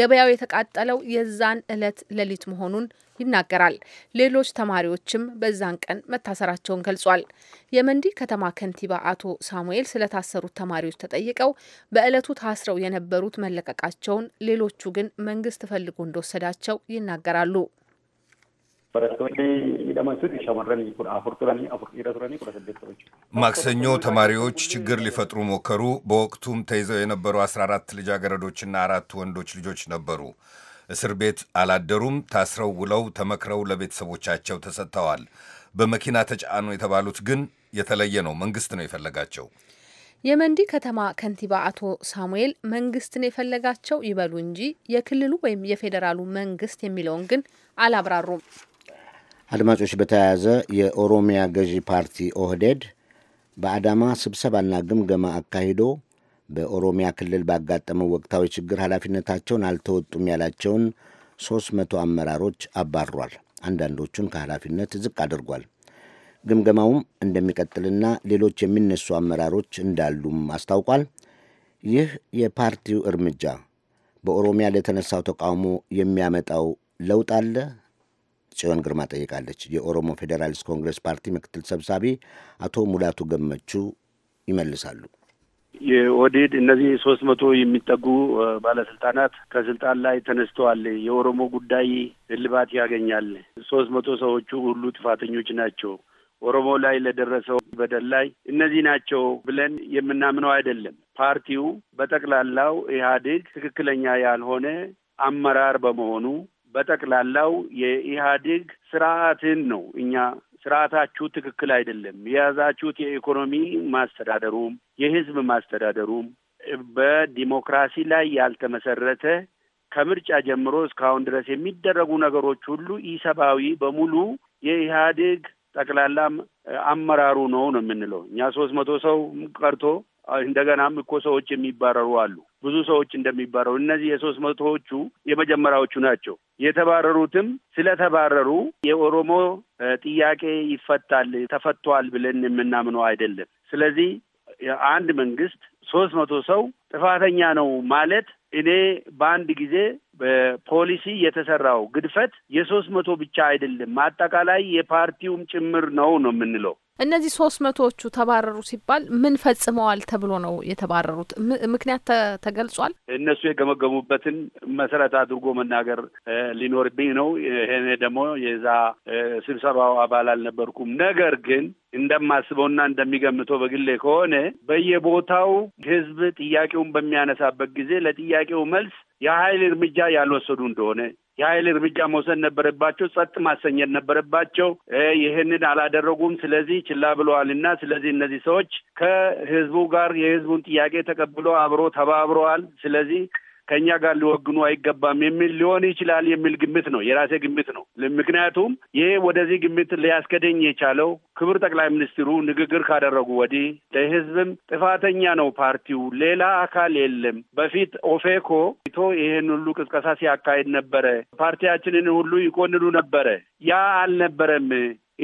ገበያው የተቃጠለው የዛን እለት ሌሊት መሆኑን ይናገራል። ሌሎች ተማሪዎችም በዛን ቀን መታሰራቸውን ገልጿል። የመንዲ ከተማ ከንቲባ አቶ ሳሙኤል ስለታሰሩት ተማሪዎች ተጠይቀው በዕለቱ ታስረው የነበሩት መለቀቃቸውን፣ ሌሎቹ ግን መንግስት ፈልጎ እንደወሰዳቸው ይናገራሉ። ማክሰኞ ተማሪዎች ችግር ሊፈጥሩ ሞከሩ። በወቅቱም ተይዘው የነበሩ 14 ልጃገረዶችና አራት ወንዶች ልጆች ነበሩ። እስር ቤት አላደሩም። ታስረው ውለው ተመክረው ለቤተሰቦቻቸው ተሰጥተዋል። በመኪና ተጫኑ የተባሉት ግን የተለየ ነው። መንግስት ነው የፈለጋቸው። የመንዲ ከተማ ከንቲባ አቶ ሳሙኤል መንግስትን የፈለጋቸው ይበሉ እንጂ የክልሉ ወይም የፌዴራሉ መንግስት የሚለውን ግን አላብራሩም። አድማጮች፣ በተያያዘ የኦሮሚያ ገዢ ፓርቲ ኦህዴድ በአዳማ ስብሰባና ግምገማ አካሂዶ በኦሮሚያ ክልል ባጋጠመው ወቅታዊ ችግር ኃላፊነታቸውን አልተወጡም ያላቸውን ሦስት መቶ አመራሮች አባሯል። አንዳንዶቹን ከኃላፊነት ዝቅ አድርጓል። ግምገማውም እንደሚቀጥልና ሌሎች የሚነሱ አመራሮች እንዳሉም አስታውቋል። ይህ የፓርቲው እርምጃ በኦሮሚያ ለተነሳው ተቃውሞ የሚያመጣው ለውጥ አለ? ጽዮን ግርማ ጠይቃለች። የኦሮሞ ፌዴራሊስት ኮንግረስ ፓርቲ ምክትል ሰብሳቢ አቶ ሙላቱ ገመቹ ይመልሳሉ። የኦህዴድ እነዚህ ሶስት መቶ የሚጠጉ ባለስልጣናት ከስልጣን ላይ ተነስተዋል። የኦሮሞ ጉዳይ እልባት ያገኛል። ሶስት መቶ ሰዎቹ ሁሉ ጥፋተኞች ናቸው። ኦሮሞ ላይ ለደረሰው በደል ላይ እነዚህ ናቸው ብለን የምናምነው አይደለም። ፓርቲው በጠቅላላው ኢህአዴግ ትክክለኛ ያልሆነ አመራር በመሆኑ በጠቅላላው የኢህአዴግ ስርዓትን ነው እኛ ስርዓታችሁ ትክክል አይደለም፣ የያዛችሁት የኢኮኖሚ ማስተዳደሩም የህዝብ ማስተዳደሩም በዲሞክራሲ ላይ ያልተመሰረተ ከምርጫ ጀምሮ እስካሁን ድረስ የሚደረጉ ነገሮች ሁሉ ኢሰብአዊ በሙሉ የኢህአዴግ ጠቅላላ አመራሩ ነው ነው የምንለው እኛ ሶስት መቶ ሰው ቀርቶ እንደገናም እኮ ሰዎች የሚባረሩ አሉ። ብዙ ሰዎች እንደሚባረሩ እነዚህ የሶስት መቶዎቹ የመጀመሪያዎቹ ናቸው። የተባረሩትም ስለተባረሩ የኦሮሞ ጥያቄ ይፈታል ተፈቷል ብለን የምናምነው አይደለም። ስለዚህ አንድ መንግስት ሶስት መቶ ሰው ጥፋተኛ ነው ማለት እኔ በአንድ ጊዜ በፖሊሲ የተሰራው ግድፈት የሶስት መቶ ብቻ አይደለም አጠቃላይ የፓርቲውም ጭምር ነው ነው የምንለው። እነዚህ ሶስት መቶዎቹ ተባረሩ ሲባል ምን ፈጽመዋል ተብሎ ነው የተባረሩት? ምክንያት ተገልጿል? እነሱ የገመገሙበትን መሰረት አድርጎ መናገር ሊኖርብኝ ነው። ይሄኔ ደግሞ የዛ ስብሰባው አባል አልነበርኩም። ነገር ግን እንደማስበውና እንደሚገምተው በግሌ ከሆነ በየቦታው ህዝብ ጥያቄውን በሚያነሳበት ጊዜ ለጥያቄው መልስ የኃይል እርምጃ ያልወሰዱ እንደሆነ የኃይል እርምጃ መውሰድ ነበረባቸው፣ ጸጥ ማሰኘት ነበረባቸው። ይህንን አላደረጉም። ስለዚህ ችላ ብለዋል እና ስለዚህ እነዚህ ሰዎች ከህዝቡ ጋር የህዝቡን ጥያቄ ተቀብሎ አብሮ ተባብረዋል። ስለዚህ ከእኛ ጋር ሊወግኑ አይገባም የሚል ሊሆን ይችላል የሚል ግምት ነው፣ የራሴ ግምት ነው። ምክንያቱም ይሄ ወደዚህ ግምት ሊያስከደኝ የቻለው ክብር ጠቅላይ ሚኒስትሩ ንግግር ካደረጉ ወዲህ ለህዝብም ጥፋተኛ ነው ፓርቲው፣ ሌላ አካል የለም። በፊት ኦፌኮ ቶ ይሄን ሁሉ ቅስቀሳ ሲያካሄድ ነበረ። ፓርቲያችንን ሁሉ ይቆንሉ ነበረ። ያ አልነበረም።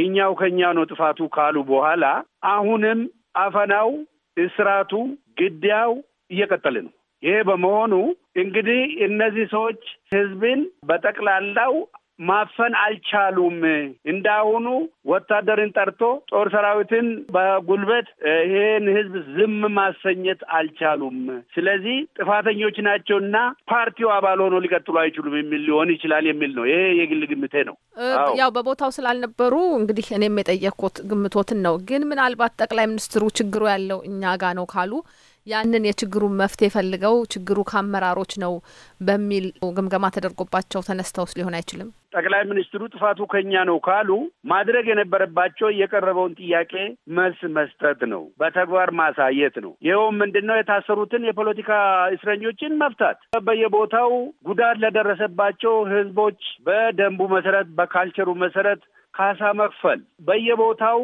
እኛው ከኛ ነው ጥፋቱ ካሉ በኋላ አሁንም አፈናው፣ እስራቱ፣ ግድያው እየቀጠለ ነው። ይሄ በመሆኑ እንግዲህ እነዚህ ሰዎች ህዝብን በጠቅላላው ማፈን አልቻሉም። እንዳሁኑ ወታደርን ጠርቶ ጦር ሰራዊትን በጉልበት ይሄን ህዝብ ዝም ማሰኘት አልቻሉም። ስለዚህ ጥፋተኞች ናቸው እና ፓርቲው አባል ሆኖ ሊቀጥሉ አይችሉም የሚል ሊሆን ይችላል የሚል ነው። ይሄ የግል ግምቴ ነው። ያው በቦታው ስላልነበሩ እንግዲህ እኔም የጠየቅኩት ግምቶትን ነው። ግን ምናልባት ጠቅላይ ሚኒስትሩ ችግሩ ያለው እኛ ጋ ነው ካሉ ያንን የችግሩን መፍትሄ ፈልገው ችግሩ ከአመራሮች ነው በሚል ግምገማ ተደርጎባቸው ተነስተውስ ሊሆን አይችልም። ጠቅላይ ሚኒስትሩ ጥፋቱ ከኛ ነው ካሉ ማድረግ የነበረባቸው የቀረበውን ጥያቄ መልስ መስጠት ነው፣ በተግባር ማሳየት ነው። ይኸውም ምንድን ነው? የታሰሩትን የፖለቲካ እስረኞችን መፍታት፣ በየቦታው ጉዳት ለደረሰባቸው ህዝቦች በደንቡ መሰረት፣ በካልቸሩ መሰረት ካሳ መክፈል በየቦታው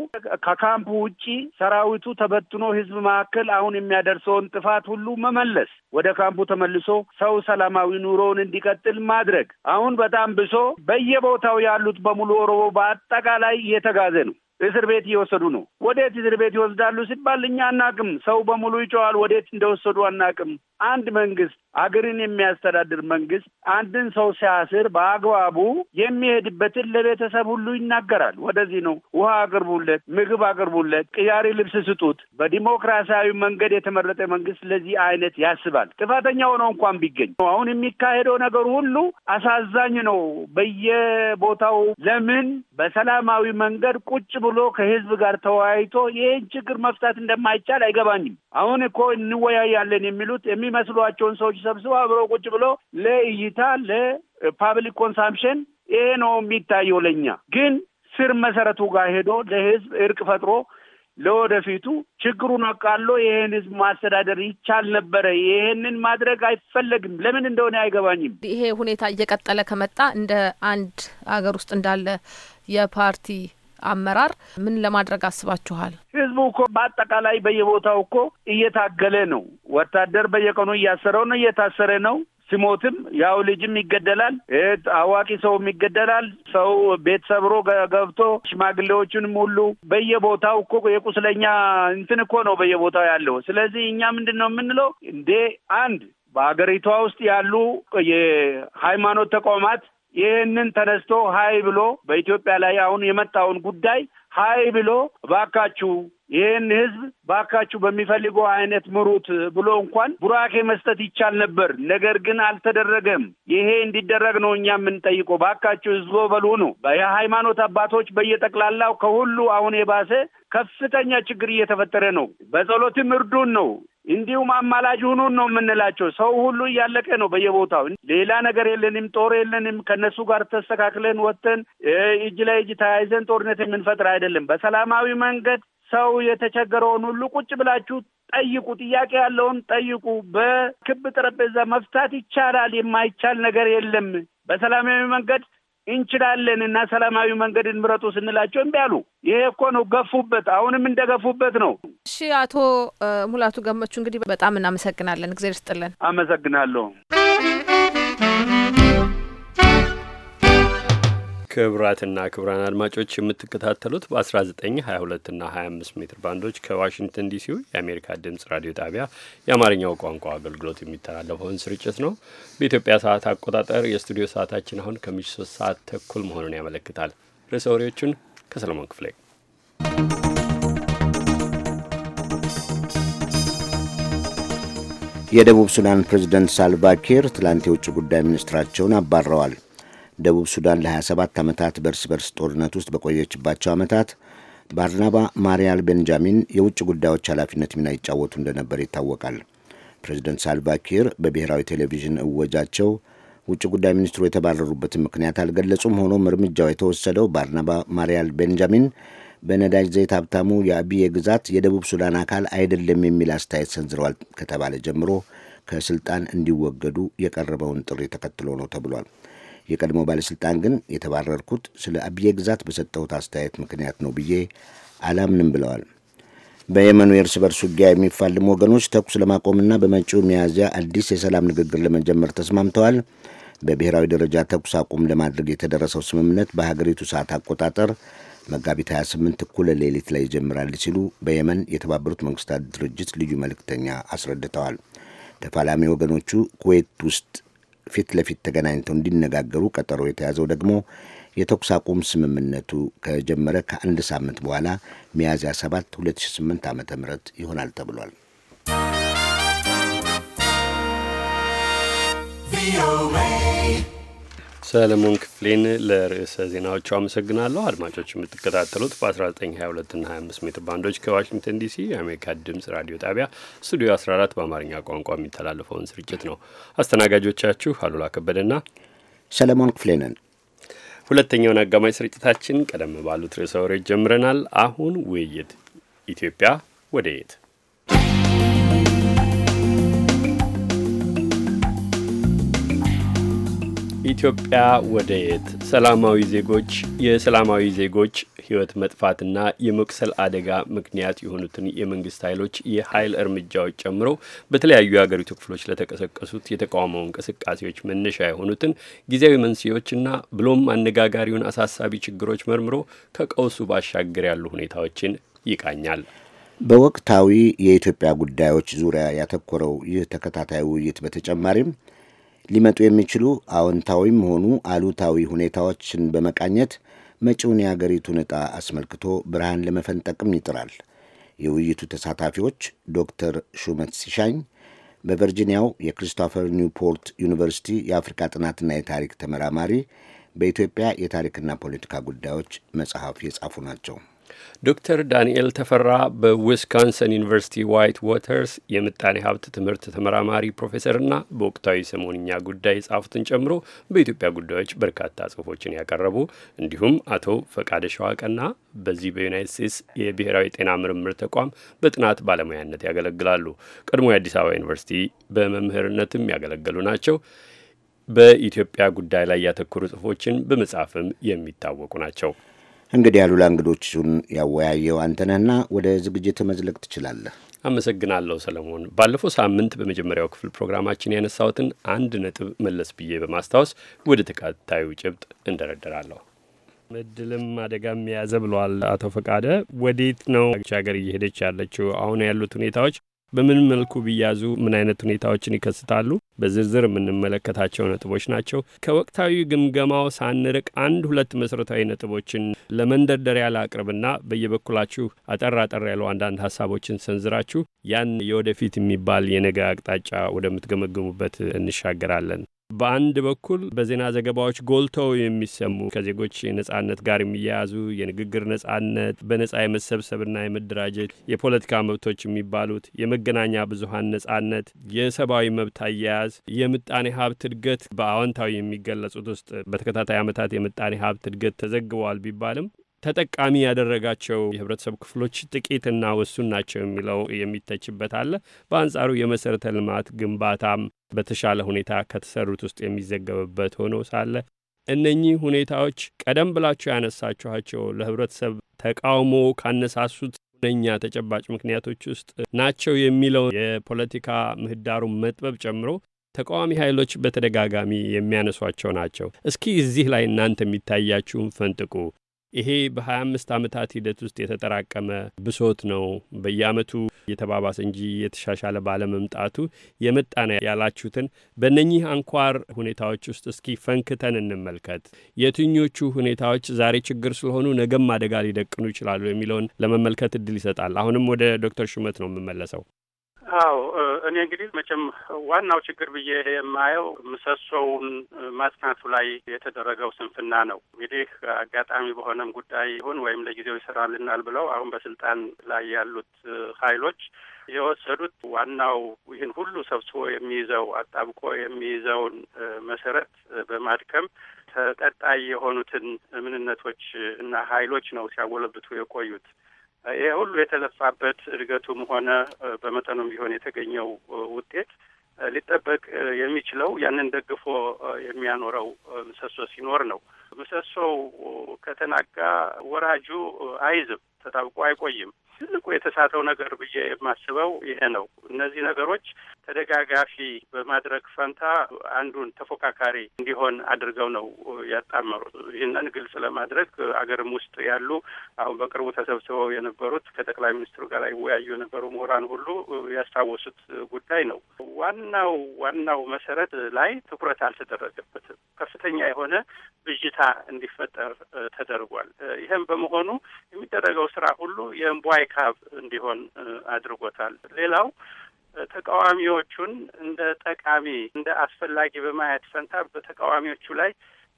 ከካምፕ ውጪ ሰራዊቱ ተበትኖ ህዝብ መካከል አሁን የሚያደርሰውን ጥፋት ሁሉ መመለስ፣ ወደ ካምፑ ተመልሶ ሰው ሰላማዊ ኑሮውን እንዲቀጥል ማድረግ። አሁን በጣም ብሶ በየቦታው ያሉት በሙሉ ኦሮሞ በአጠቃላይ እየተጋዘ ነው። እስር ቤት እየወሰዱ ነው። ወዴት እስር ቤት ይወስዳሉ ሲባል እኛ አናቅም። ሰው በሙሉ ይጮዋል። ወዴት እንደወሰዱ አናቅም። አንድ መንግስት አገርን የሚያስተዳድር መንግስት አንድን ሰው ሲያስር በአግባቡ የሚሄድበትን ለቤተሰብ ሁሉ ይናገራል። ወደዚህ ነው ውሃ አቅርቡለት፣ ምግብ አቅርቡለት፣ ቅያሪ ልብስ ስጡት። በዲሞክራሲያዊ መንገድ የተመረጠ መንግስት ለዚህ አይነት ያስባል። ጥፋተኛ ሆኖ እንኳን ቢገኝ አሁን የሚካሄደው ነገር ሁሉ አሳዛኝ ነው። በየቦታው ለምን በሰላማዊ መንገድ ቁጭ ብሎ ከህዝብ ጋር ተወያይቶ ይህን ችግር መፍታት እንደማይቻል አይገባኝም። አሁን እኮ እንወያያለን የሚሉት የሚመስሏቸውን ሰዎች ሰብስበው አብረው ቁጭ ብሎ ለእይታ ለፓብሊክ ኮንሳምፕሽን ይሄ ነው የሚታየው። ለኛ ግን ስር መሰረቱ ጋር ሄዶ ለህዝብ እርቅ ፈጥሮ ለወደፊቱ ችግሩን አቃሎ ይህን ህዝብ ማስተዳደር ይቻል ነበረ። ይህንን ማድረግ አይፈለግም። ለምን እንደሆነ አይገባኝም። ይሄ ሁኔታ እየቀጠለ ከመጣ እንደ አንድ ሀገር ውስጥ እንዳለ የፓርቲ አመራር ምን ለማድረግ አስባችኋል? ህዝቡ እኮ በአጠቃላይ በየቦታው እኮ እየታገለ ነው። ወታደር በየቀኑ እያሰረው ነው፣ እየታሰረ ነው። ሲሞትም ያው ልጅም ይገደላል፣ አዋቂ ሰውም ይገደላል። ሰው ቤት ሰብሮ ገብቶ ሽማግሌዎቹንም ሁሉ በየቦታው እኮ የቁስለኛ እንትን እኮ ነው በየቦታው ያለው። ስለዚህ እኛ ምንድን ነው የምንለው እንዴ አንድ በሀገሪቷ ውስጥ ያሉ የሃይማኖት ተቋማት ይህንን ተነስቶ ሀይ ብሎ በኢትዮጵያ ላይ አሁን የመጣውን ጉዳይ ሀይ ብሎ እባካችሁ ይህን ህዝብ ባካችሁ በሚፈልገው አይነት ምሩት ብሎ እንኳን ቡራኬ መስጠት ይቻል ነበር። ነገር ግን አልተደረገም። ይሄ እንዲደረግ ነው እኛ የምንጠይቀው። ባካችሁ ህዝቦ በሉ ነው። የሃይማኖት አባቶች በየጠቅላላው ከሁሉ አሁን የባሰ ከፍተኛ ችግር እየተፈጠረ ነው። በጸሎትም እርዱን ነው እንዲሁም አማላጅ ሁኑን ነው የምንላቸው። ሰው ሁሉ እያለቀ ነው በየቦታው። ሌላ ነገር የለንም፣ ጦር የለንም። ከነሱ ጋር ተስተካክለን ወጥተን እጅ ላይ እጅ ተያይዘን ጦርነት የምንፈጥር አይደለም። በሰላማዊ መንገድ ሰው የተቸገረውን ሁሉ ቁጭ ብላችሁ ጠይቁ፣ ጥያቄ ያለውን ጠይቁ። በክብ ጠረጴዛ መፍታት ይቻላል። የማይቻል ነገር የለም። በሰላማዊ መንገድ እንችላለን እና ሰላማዊ መንገድ እንምረጡ ስንላቸው እምቢ አሉ። ይሄ እኮ ነው ገፉበት። አሁንም እንደገፉበት ነው። እሺ፣ አቶ ሙላቱ ገመቹ እንግዲህ በጣም እናመሰግናለን። እግዜር ስጥልን። አመሰግናለሁ። ክቡራትና ክቡራን አድማጮች የምትከታተሉት በ1922 እና 25 ሜትር ባንዶች ከዋሽንግተን ዲሲው የአሜሪካ ድምፅ ራዲዮ ጣቢያ የአማርኛው ቋንቋ አገልግሎት የሚተላለፈውን ስርጭት ነው። በኢትዮጵያ ሰዓት አቆጣጠር የስቱዲዮ ሰዓታችን አሁን ከምሽቱ ሶስት ሰዓት ተኩል መሆኑን ያመለክታል። ርዕሰ ወሬዎቹን ከሰለሞን ክፍሌ የደቡብ ሱዳን ፕሬዝደንት ሳልቫኪር ትላንት የውጭ ጉዳይ ሚኒስትራቸውን አባረዋል። ደቡብ ሱዳን ለ27 ዓመታት በእርስ በርስ ጦርነት ውስጥ በቆየችባቸው ዓመታት ባርናባ ማሪያል ቤንጃሚን የውጭ ጉዳዮች ኃላፊነት ሚና ይጫወቱ እንደነበር ይታወቃል። ፕሬዚደንት ሳልቫኪር በብሔራዊ ቴሌቪዥን እወጃቸው ውጭ ጉዳይ ሚኒስትሩ የተባረሩበትን ምክንያት አልገለጹም። ሆኖም እርምጃው የተወሰደው ባርናባ ማሪያል ቤንጃሚን በነዳጅ ዘይት ሀብታሙ የአብየ ግዛት የደቡብ ሱዳን አካል አይደለም የሚል አስተያየት ሰንዝረዋል ከተባለ ጀምሮ ከስልጣን እንዲወገዱ የቀረበውን ጥሪ ተከትሎ ነው ተብሏል። የቀድሞ ባለሥልጣን ግን የተባረርኩት ስለ አብዬ ግዛት በሰጠሁት አስተያየት ምክንያት ነው ብዬ አላምንም ብለዋል። በየመኑ የእርስ በርስ ውጊያ የሚፋልሙ ወገኖች ተኩስ ለማቆምና በመጪው ሚያዝያ አዲስ የሰላም ንግግር ለመጀመር ተስማምተዋል። በብሔራዊ ደረጃ ተኩስ አቁም ለማድረግ የተደረሰው ስምምነት በሀገሪቱ ሰዓት አቆጣጠር መጋቢት 28 እኩለ ሌሊት ላይ ይጀምራል ሲሉ በየመን የተባበሩት መንግስታት ድርጅት ልዩ መልእክተኛ አስረድተዋል። ተፋላሚ ወገኖቹ ኩዌት ውስጥ ፊት ለፊት ተገናኝተው እንዲነጋገሩ ቀጠሮ የተያዘው ደግሞ የተኩስ አቁም ስምምነቱ ከጀመረ ከአንድ ሳምንት በኋላ ሚያዝያ 7 2008 ዓ ም ይሆናል ተብሏል። ቪኦኤ ሰለሞን ክፍሌን ለርዕሰ ዜናዎቹ አመሰግናለሁ። አድማጮች የምትከታተሉት በ1922 እና 25 ሜትር ባንዶች ከዋሽንግተን ዲሲ የአሜሪካ ድምፅ ራዲዮ ጣቢያ ስቱዲዮ 14 በአማርኛ ቋንቋ የሚተላለፈውን ስርጭት ነው። አስተናጋጆቻችሁ አሉላ ከበደና ሰለሞን ክፍሌ ነን። ሁለተኛውን አጋማሽ ስርጭታችን ቀደም ባሉት ርዕሰ ወሬት ጀምረናል። አሁን ውይይት ኢትዮጵያ ወደ የት ኢትዮጵያ ወደየት ሰላማዊ ዜጎች የሰላማዊ ዜጎች ህይወት መጥፋትና የመቁሰል አደጋ ምክንያት የሆኑትን የመንግስት ኃይሎች የኃይል እርምጃዎች ጨምሮ በተለያዩ የአገሪቱ ክፍሎች ለተቀሰቀሱት የተቃውሞ እንቅስቃሴዎች መነሻ የሆኑትን ጊዜያዊ መንስኤዎችና ብሎም አነጋጋሪውን አሳሳቢ ችግሮች መርምሮ ከቀውሱ ባሻገር ያሉ ሁኔታዎችን ይቃኛል። በወቅታዊ የኢትዮጵያ ጉዳዮች ዙሪያ ያተኮረው ይህ ተከታታይ ውይይት በተጨማሪም ሊመጡ የሚችሉ አዎንታዊም ሆኑ አሉታዊ ሁኔታዎችን በመቃኘት መጪውን የአገሪቱን ዕጣ አስመልክቶ ብርሃን ለመፈንጠቅም ይጥራል። የውይይቱ ተሳታፊዎች ዶክተር ሹመት ሲሻኝ በቨርጂኒያው የክሪስቶፈር ኒውፖርት ዩኒቨርሲቲ የአፍሪካ ጥናትና የታሪክ ተመራማሪ፣ በኢትዮጵያ የታሪክና ፖለቲካ ጉዳዮች መጽሐፍ የጻፉ ናቸው። ዶክተር ዳንኤል ተፈራ በዊስኮንሰን ዩኒቨርሲቲ ዋይት ዎተርስ የምጣኔ ሀብት ትምህርት ተመራማሪ ፕሮፌሰርና በወቅታዊ ሰሞንኛ ጉዳይ የጻፉትን ጨምሮ በኢትዮጵያ ጉዳዮች በርካታ ጽሁፎችን ያቀረቡ እንዲሁም አቶ ፈቃደ ሸዋቀና በዚህ በዩናይት ስቴትስ የብሔራዊ ጤና ምርምር ተቋም በጥናት ባለሙያነት ያገለግላሉ። ቀድሞ የአዲስ አበባ ዩኒቨርሲቲ በመምህርነትም ያገለገሉ ናቸው። በኢትዮጵያ ጉዳይ ላይ ያተኮሩ ጽሁፎችን በመጻፍም የሚታወቁ ናቸው። እንግዲህ ያሉላ እንግዶቹን ያወያየው አንተነህና ወደ ዝግጅት መዝለቅ ትችላለህ። አመሰግናለሁ ሰለሞን። ባለፈው ሳምንት በመጀመሪያው ክፍል ፕሮግራማችን ያነሳሁትን አንድ ነጥብ መለስ ብዬ በማስታወስ ወደ ተከታዩ ጭብጥ እንደረደራለሁ። እድልም አደጋም የያዘ ብለዋል አቶ ፈቃደ። ወዴት ነው ሀገር እየሄደች ያለችው? አሁን ያሉት ሁኔታዎች በምን መልኩ ቢያዙ ምን አይነት ሁኔታዎችን ይከስታሉ? በዝርዝር የምንመለከታቸው ነጥቦች ናቸው። ከወቅታዊ ግምገማው ሳንርቅ አንድ ሁለት መሰረታዊ ነጥቦችን ለመንደርደሪያ ላቅርብና በየበኩላችሁ አጠር አጠር ያሉ አንዳንድ ሀሳቦችን ሰንዝራችሁ ያን የወደፊት የሚባል የነገ አቅጣጫ ወደምትገመግሙበት እንሻገራለን። በአንድ በኩል በዜና ዘገባዎች ጎልተው የሚሰሙ ከዜጎች ነጻነት ጋር የሚያያዙ የንግግር ነጻነት፣ በነጻ የመሰብሰብና የመደራጀት የፖለቲካ መብቶች የሚባሉት የመገናኛ ብዙሀን ነጻነት፣ የሰብአዊ መብት አያያዝ፣ የምጣኔ ሀብት እድገት በአዎንታዊ የሚገለጹት ውስጥ በተከታታይ ዓመታት የምጣኔ ሀብት እድገት ተዘግበዋል ቢባልም ተጠቃሚ ያደረጋቸው የህብረተሰብ ክፍሎች ጥቂትና ወሱን ናቸው የሚለው የሚተችበት አለ። በአንጻሩ የመሠረተ ልማት ግንባታም በተሻለ ሁኔታ ከተሰሩት ውስጥ የሚዘገብበት ሆኖ ሳለ እነኚህ ሁኔታዎች ቀደም ብላችሁ ያነሳችኋቸው ለህብረተሰብ ተቃውሞ ካነሳሱት ሁነኛ ተጨባጭ ምክንያቶች ውስጥ ናቸው የሚለው የፖለቲካ ምህዳሩን መጥበብ ጨምሮ ተቃዋሚ ኃይሎች በተደጋጋሚ የሚያነሷቸው ናቸው። እስኪ እዚህ ላይ እናንተ የሚታያችሁን ፈንጥቁ። ይሄ በ25 ዓመታት ሂደት ውስጥ የተጠራቀመ ብሶት ነው። በየአመቱ እየተባባሰ እንጂ የተሻሻለ ባለመምጣቱ የመጣ ነው ያላችሁትን በእነኚህ አንኳር ሁኔታዎች ውስጥ እስኪ ፈንክተን እንመልከት። የትኞቹ ሁኔታዎች ዛሬ ችግር ስለሆኑ ነገም አደጋ ሊደቅኑ ይችላሉ የሚለውን ለመመልከት እድል ይሰጣል። አሁንም ወደ ዶክተር ሹመት ነው የምመለሰው። አዎ እኔ እንግዲህ መቼም ዋናው ችግር ብዬ የማየው ምሰሶውን ማጽናቱ ላይ የተደረገው ስንፍና ነው። እንግዲህ አጋጣሚ በሆነም ጉዳይ ይሁን ወይም ለጊዜው ይሰራልናል ብለው አሁን በስልጣን ላይ ያሉት ኃይሎች የወሰዱት ዋናው ይህን ሁሉ ሰብስቦ የሚይዘው አጣብቆ የሚይዘውን መሰረት በማድከም ተጠጣይ የሆኑትን ምንነቶች እና ኃይሎች ነው ሲያጎለብቱ የቆዩት። ይሄ ሁሉ የተለፋበት እድገቱም ሆነ በመጠኑም ቢሆን የተገኘው ውጤት ሊጠበቅ የሚችለው ያንን ደግፎ የሚያኖረው ምሰሶ ሲኖር ነው። ምሰሶው ከተናጋ ወራጁ አይዝም። ተጣብቆ አይቆይም። ትልቁ የተሳተው ነገር ብዬ የማስበው ይሄ ነው። እነዚህ ነገሮች ተደጋጋፊ በማድረግ ፈንታ አንዱን ተፎካካሪ እንዲሆን አድርገው ነው ያጣመሩት። ይህንን ግልጽ ለማድረግ አገርም ውስጥ ያሉ አሁን በቅርቡ ተሰብስበው የነበሩት ከጠቅላይ ሚኒስትሩ ጋር ይወያዩ የነበሩ ምሁራን ሁሉ ያስታወሱት ጉዳይ ነው። ዋናው ዋናው መሰረት ላይ ትኩረት አልተደረገበትም። ከፍተኛ የሆነ ብዥታ እንዲፈጠር ተደርጓል። ይህም በመሆኑ የሚደረገው ስራ ሁሉ የእምቧይ ካብ እንዲሆን አድርጎታል። ሌላው ተቃዋሚዎቹን እንደ ጠቃሚ እንደ አስፈላጊ በማየት ፈንታ በተቃዋሚዎቹ ላይ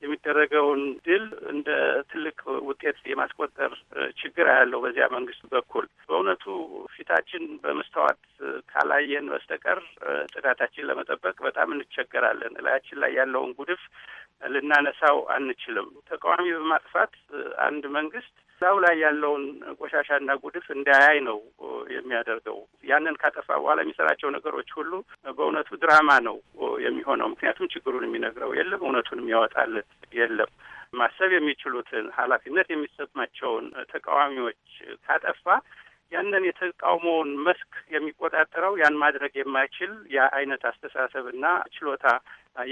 የሚደረገውን ድል እንደ ትልቅ ውጤት የማስቆጠር ችግር ያለው በዚያ መንግስት በኩል በእውነቱ ፊታችን በመስተዋት ካላየን በስተቀር ጽዳታችን ለመጠበቅ በጣም እንቸገራለን። እላያችን ላይ ያለውን ጉድፍ ልናነሳው አንችልም። ተቃዋሚ በማጥፋት አንድ መንግስት እዛው ላይ ያለውን ቆሻሻና ጉድፍ እንዳያይ ነው የሚያደርገው። ያንን ካጠፋ በኋላ የሚሰራቸው ነገሮች ሁሉ በእውነቱ ድራማ ነው የሚሆነው። ምክንያቱም ችግሩን የሚነግረው የለም፣ እውነቱን የሚያወጣለት የለም። ማሰብ የሚችሉትን ኃላፊነት የሚሰማቸውን ተቃዋሚዎች ካጠፋ ያንን የተቃውሞውን መስክ የሚቆጣጠረው ያን ማድረግ የማይችል የአይነት አስተሳሰብና ችሎታ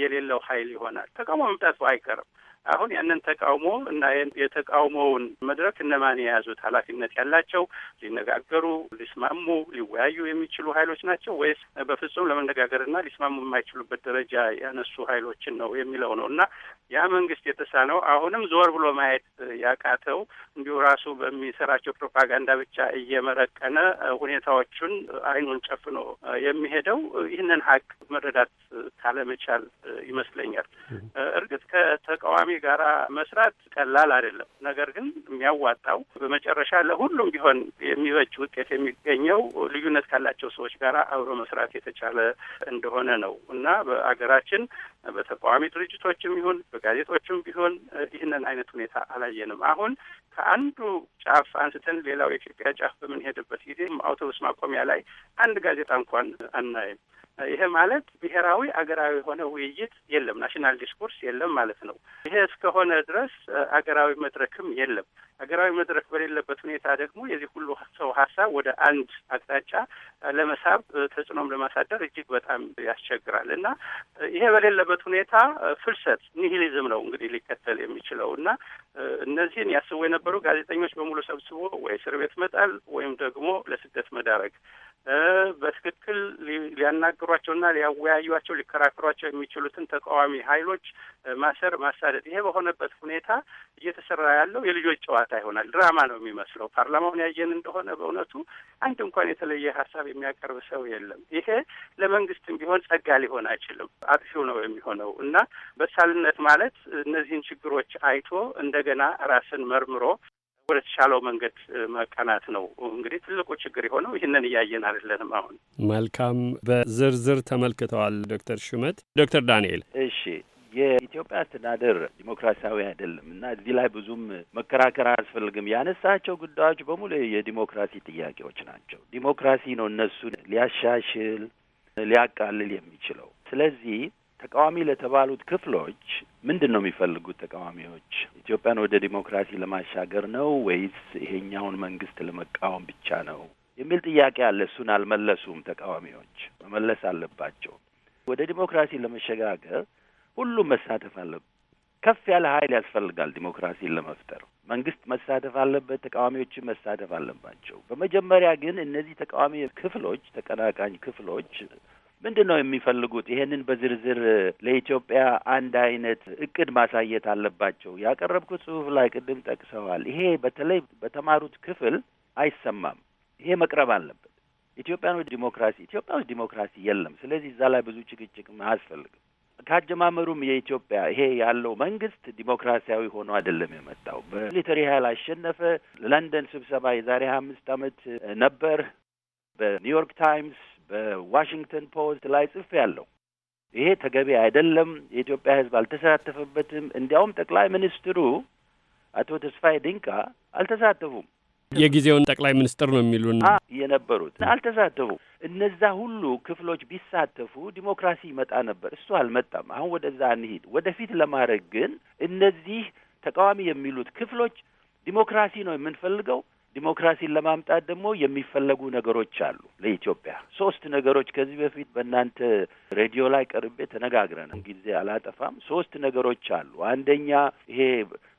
የሌለው ኃይል ይሆናል። ተቃውሞ መምጣቱ አይቀርም። አሁን ያንን ተቃውሞ እና የተቃውሞውን መድረክ እነማን የያዙት ኃላፊነት ያላቸው ሊነጋገሩ፣ ሊስማሙ፣ ሊወያዩ የሚችሉ ኃይሎች ናቸው ወይስ በፍጹም ለመነጋገርና ሊስማሙ የማይችሉበት ደረጃ ያነሱ ኃይሎችን ነው የሚለው ነው እና ያ መንግስት የተሳነው አሁንም ዞር ብሎ ማየት ያቃተው እንዲሁ ራሱ በሚሰራቸው ፕሮፓጋንዳ ብቻ እየመረቀነ ሁኔታዎቹን አይኑን ጨፍኖ የሚሄደው ይህንን ሀቅ መረዳት ካለመቻል ይመስለኛል። እርግጥ ከተቃዋሚ ጋር መስራት ቀላል አይደለም። ነገር ግን የሚያዋጣው በመጨረሻ ለሁሉም ቢሆን የሚበጅ ውጤት የሚገኘው ልዩነት ካላቸው ሰዎች ጋር አብሮ መስራት የተቻለ እንደሆነ ነው እና በአገራችን በተቃዋሚ ድርጅቶችም ይሁን በጋዜጦችም ቢሆን ይህንን አይነት ሁኔታ አላየንም። አሁን ከአንዱ ጫፍ አንስተን ሌላው የኢትዮጵያ ጫፍ በምንሄድበት ጊዜ አውቶቡስ ማቆሚያ ላይ አንድ ጋዜጣ እንኳን አናይም። ይሄ ማለት ብሔራዊ አገራዊ የሆነ ውይይት የለም፣ ናሽናል ዲስኮርስ የለም ማለት ነው። ይሄ እስከሆነ ድረስ አገራዊ መድረክም የለም። አገራዊ መድረክ በሌለበት ሁኔታ ደግሞ የዚህ ሁሉ ሰው ሀሳብ ወደ አንድ አቅጣጫ ለመሳብ ተጽዕኖም ለማሳደር እጅግ በጣም ያስቸግራል እና ይሄ በሌለበት ሁኔታ ፍልሰት ኒሂሊዝም ነው እንግዲህ ሊከተል የሚችለው እና እነዚህን ያስቡ የነበሩ ጋዜጠኞች በሙሉ ሰብስቦ ወይ እስር ቤት መጣል ወይም ደግሞ ለስደት መዳረግ በትክክል ሊያናግሯቸውና ሊያወያዩቸው ሊከራከሯቸው የሚችሉትን ተቃዋሚ ኃይሎች ማሰር፣ ማሳደድ ይሄ በሆነበት ሁኔታ እየተሰራ ያለው የልጆች ጨዋታ ይሆናል። ድራማ ነው የሚመስለው። ፓርላማውን ያየን እንደሆነ በእውነቱ አንድ እንኳን የተለየ ሀሳብ የሚያቀርብ ሰው የለም። ይሄ ለመንግስትም ቢሆን ጸጋ ሊሆን አይችልም። አጥፊው ነው የሚሆነው እና በሳልነት ማለት እነዚህን ችግሮች አይቶ እንደገና ራስን መርምሮ ወደ ተሻለው መንገድ መቀናት ነው። እንግዲህ ትልቁ ችግር የሆነው ይህንን እያየን አይደለንም። አሁን መልካም በዝርዝር ተመልክተዋል ዶክተር ሹመት። ዶክተር ዳንኤል እሺ የኢትዮጵያ አስተዳደር ዲሞክራሲያዊ አይደለም እና እዚህ ላይ ብዙም መከራከር አያስፈልግም። ያነሳቸው ጉዳዮች በሙሉ የዲሞክራሲ ጥያቄዎች ናቸው። ዲሞክራሲ ነው እነሱን ሊያሻሽል ሊያቃልል የሚችለው። ስለዚህ ተቃዋሚ ለተባሉት ክፍሎች ምንድን ነው የሚፈልጉት? ተቃዋሚዎች ኢትዮጵያን ወደ ዲሞክራሲ ለማሻገር ነው ወይስ ይሄኛውን መንግስት ለመቃወም ብቻ ነው የሚል ጥያቄ አለ። እሱን አልመለሱም። ተቃዋሚዎች መመለስ አለባቸው። ወደ ዲሞክራሲ ለመሸጋገር ሁሉም መሳተፍ አለበት። ከፍ ያለ ኃይል ያስፈልጋል ዲሞክራሲን ለመፍጠር። መንግስት መሳተፍ አለበት፣ ተቃዋሚዎችን መሳተፍ አለባቸው። በመጀመሪያ ግን እነዚህ ተቃዋሚ ክፍሎች፣ ተቀናቃኝ ክፍሎች ምንድን ነው የሚፈልጉት? ይሄንን በዝርዝር ለኢትዮጵያ አንድ አይነት እቅድ ማሳየት አለባቸው። ያቀረብኩት ጽሁፍ ላይ ቅድም ጠቅሰዋል። ይሄ በተለይ በተማሩት ክፍል አይሰማም። ይሄ መቅረብ አለበት። ኢትዮጵያኖች ዲሞክራሲ ኢትዮጵያ ውስጥ ዲሞክራሲ የለም። ስለዚህ እዛ ላይ ብዙ ጭቅጭቅ አያስፈልግም። ካጀማመሩም የኢትዮጵያ ይሄ ያለው መንግስት ዲሞክራሲያዊ ሆኖ አይደለም የመጣው። በሚሊተሪ ኃይል አሸነፈ። ለንደን ስብሰባ የዛሬ ሀያ አምስት አመት ነበር። በኒውዮርክ ታይምስ በዋሽንግተን ፖስት ላይ ጽፌ ያለው ይሄ ተገቢ አይደለም፣ የኢትዮጵያ ሕዝብ አልተሳተፈበትም። እንዲያውም ጠቅላይ ሚኒስትሩ አቶ ተስፋዬ ድንቃ አልተሳተፉም። የጊዜውን ጠቅላይ ሚኒስትር ነው የሚሉን የነበሩት አልተሳተፉ። እነዛ ሁሉ ክፍሎች ቢሳተፉ ዲሞክራሲ ይመጣ ነበር። እሱ አልመጣም። አሁን ወደዛ እንሂድ። ወደፊት ለማድረግ ግን እነዚህ ተቃዋሚ የሚሉት ክፍሎች ዲሞክራሲ ነው የምንፈልገው፣ ዲሞክራሲን ለማምጣት ደግሞ የሚፈለጉ ነገሮች አሉ። ለኢትዮጵያ ሶስት ነገሮች ከዚህ በፊት በእናንተ ሬዲዮ ላይ ቀርቤ ተነጋግረን ጊዜ አላጠፋም። ሶስት ነገሮች አሉ። አንደኛ ይሄ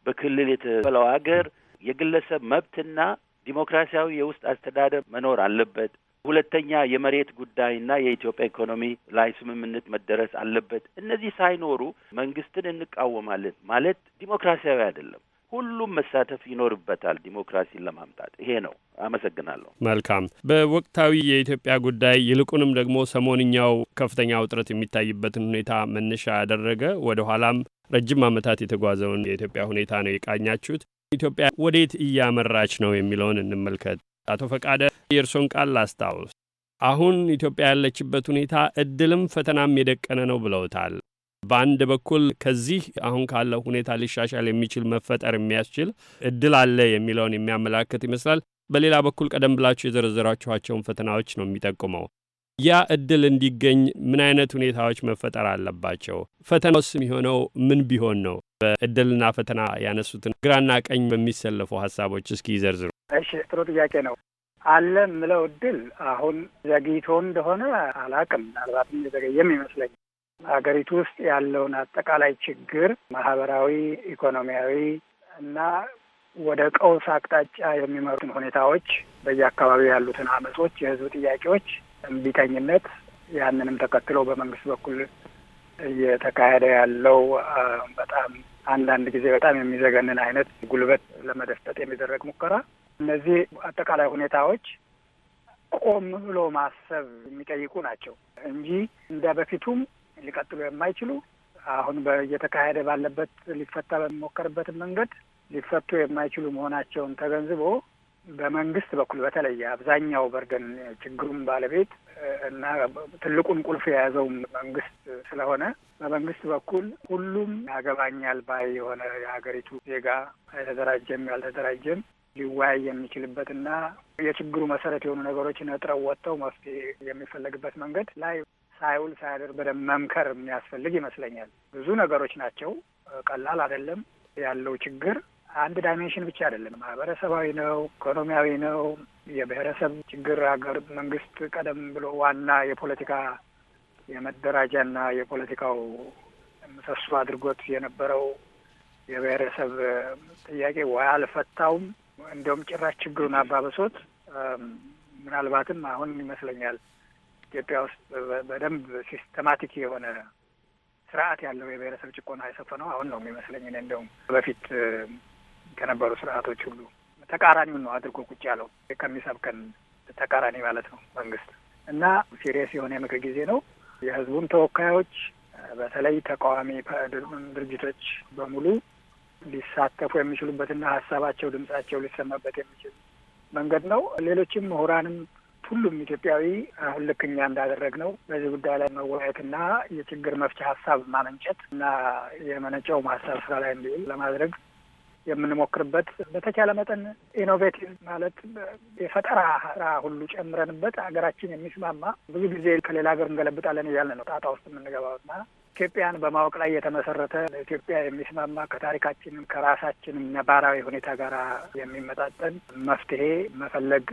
በክልል የተበለው ሀገር የግለሰብ መብትና ዲሞክራሲያዊ የውስጥ አስተዳደር መኖር አለበት። ሁለተኛ የመሬት ጉዳይና የኢትዮጵያ ኢኮኖሚ ላይ ስምምነት መደረስ አለበት። እነዚህ ሳይኖሩ መንግስትን እንቃወማለን ማለት ዲሞክራሲያዊ አይደለም። ሁሉም መሳተፍ ይኖርበታል ዲሞክራሲን ለማምጣት። ይሄ ነው። አመሰግናለሁ። መልካም። በወቅታዊ የኢትዮጵያ ጉዳይ ይልቁንም ደግሞ ሰሞንኛው ከፍተኛ ውጥረት የሚታይበትን ሁኔታ መነሻ ያደረገ ወደ ኋላም ረጅም ዓመታት የተጓዘውን የኢትዮጵያ ሁኔታ ነው የቃኛችሁት። ኢትዮጵያ ወዴት እያመራች ነው የሚለውን እንመልከት። አቶ ፈቃደ የእርሶን ቃል ላስታውስ። አሁን ኢትዮጵያ ያለችበት ሁኔታ እድልም ፈተናም የደቀነ ነው ብለውታል። በአንድ በኩል ከዚህ አሁን ካለው ሁኔታ ሊሻሻል የሚችል መፈጠር የሚያስችል እድል አለ የሚለውን የሚያመላክት ይመስላል። በሌላ በኩል ቀደም ብላችሁ የዘረዘራችኋቸውን ፈተናዎች ነው የሚጠቁመው። ያ እድል እንዲገኝ ምን አይነት ሁኔታዎች መፈጠር አለባቸው? ፈተናውስ የሚሆነው ምን ቢሆን ነው? በእድልና ፈተና ያነሱትን ግራና ቀኝ በሚሰለፉ ሀሳቦች እስኪ ይዘርዝሩ። እሺ፣ ጥሩ ጥያቄ ነው። አለ ምለው እድል አሁን ዘግይቶ እንደሆነ አላቅም። ምናልባትም የዘገየም ይመስለኝ ሀገሪቱ ውስጥ ያለውን አጠቃላይ ችግር ማህበራዊ፣ ኢኮኖሚያዊ እና ወደ ቀውስ አቅጣጫ የሚመሩትን ሁኔታዎች፣ በየአካባቢው ያሉትን አመጾች፣ የህዝብ ጥያቄዎች፣ እምቢተኝነት ያንንም ተከትሎ በመንግስት በኩል እየተካሄደ ያለው በጣም አንዳንድ ጊዜ በጣም የሚዘገንን አይነት ጉልበት ለመደፍጠጥ የሚደረግ ሙከራ፣ እነዚህ አጠቃላይ ሁኔታዎች ቆም ብሎ ማሰብ የሚጠይቁ ናቸው እንጂ እንደ በፊቱም ሊቀጥሉ የማይችሉ አሁን እየተካሄደ ባለበት ሊፈታ በሚሞከርበት መንገድ ሊፈቱ የማይችሉ መሆናቸውን ተገንዝቦ በመንግስት በኩል በተለይ አብዛኛው በርደን ችግሩን ባለቤት እና ትልቁን ቁልፍ የያዘው መንግስት ስለሆነ በመንግስት በኩል ሁሉም ያገባኛል ባይ የሆነ የሀገሪቱ ዜጋ የተደራጀም ያልተደራጀም ሊወያይ የሚችልበትና የችግሩ መሰረት የሆኑ ነገሮችን ነጥረው ወጥተው መፍትሄ የሚፈለግበት መንገድ ላይ ሳይውል ሳያድር በደንብ መምከር የሚያስፈልግ ይመስለኛል። ብዙ ነገሮች ናቸው፣ ቀላል አይደለም። ያለው ችግር አንድ ዳይሜንሽን ብቻ አይደለም። ማህበረሰባዊ ነው፣ ኢኮኖሚያዊ ነው። የብሔረሰብ ችግር ሀገር መንግስት ቀደም ብሎ ዋና የፖለቲካ የመደራጃና የፖለቲካው ምሰሶ አድርጎት የነበረው የብሔረሰብ ጥያቄ ወይ አልፈታውም፣ እንዲሁም ጭራሽ ችግሩን አባበሶት። ምናልባትም አሁን ይመስለኛል ኢትዮጵያ ውስጥ በደንብ ሲስተማቲክ የሆነ ስርዓት ያለው የብሔረሰብ ጭቆና የሰፈነው አሁን ነው የሚመስለኝ። እኔ እንደውም በፊት ከነበሩ ስርዓቶች ሁሉ ተቃራኒውን ነው አድርጎ ቁጭ ያለው ከሚሰብከን ተቃራኒ ማለት ነው መንግስት እና ሲሪየስ የሆነ የምክር ጊዜ ነው። የህዝቡን ተወካዮች በተለይ ተቃዋሚ ድርጅቶች በሙሉ ሊሳተፉ የሚችሉበትና ሀሳባቸው ድምጻቸው ሊሰማበት የሚችል መንገድ ነው። ሌሎችም ምሁራንም ሁሉም ኢትዮጵያዊ አሁን ልክ እኛ ነው። በዚህ ጉዳይ ላይ መወያየትና የችግር መፍቻ ሀሳብ ማመንጨት እና የመነጨው ሀሳብ ስራ ላይ እንዲውል ለማድረግ የምንሞክርበት በተቻለ መጠን ኢኖቬቲቭ ማለት የፈጠራ ስራ ሁሉ ጨምረንበት ሀገራችን የሚስማማ ብዙ ጊዜ ከሌላ ሀገር እንገለብጣለን እያልን ነው ጣጣ ውስጥ የምንገባውና ኢትዮጵያን በማወቅ ላይ የተመሰረተ ለኢትዮጵያ የሚስማማ ከታሪካችንም ከራሳችንም ነባራዊ ሁኔታ ጋር የሚመጣጠን መፍትሄ መፈለግ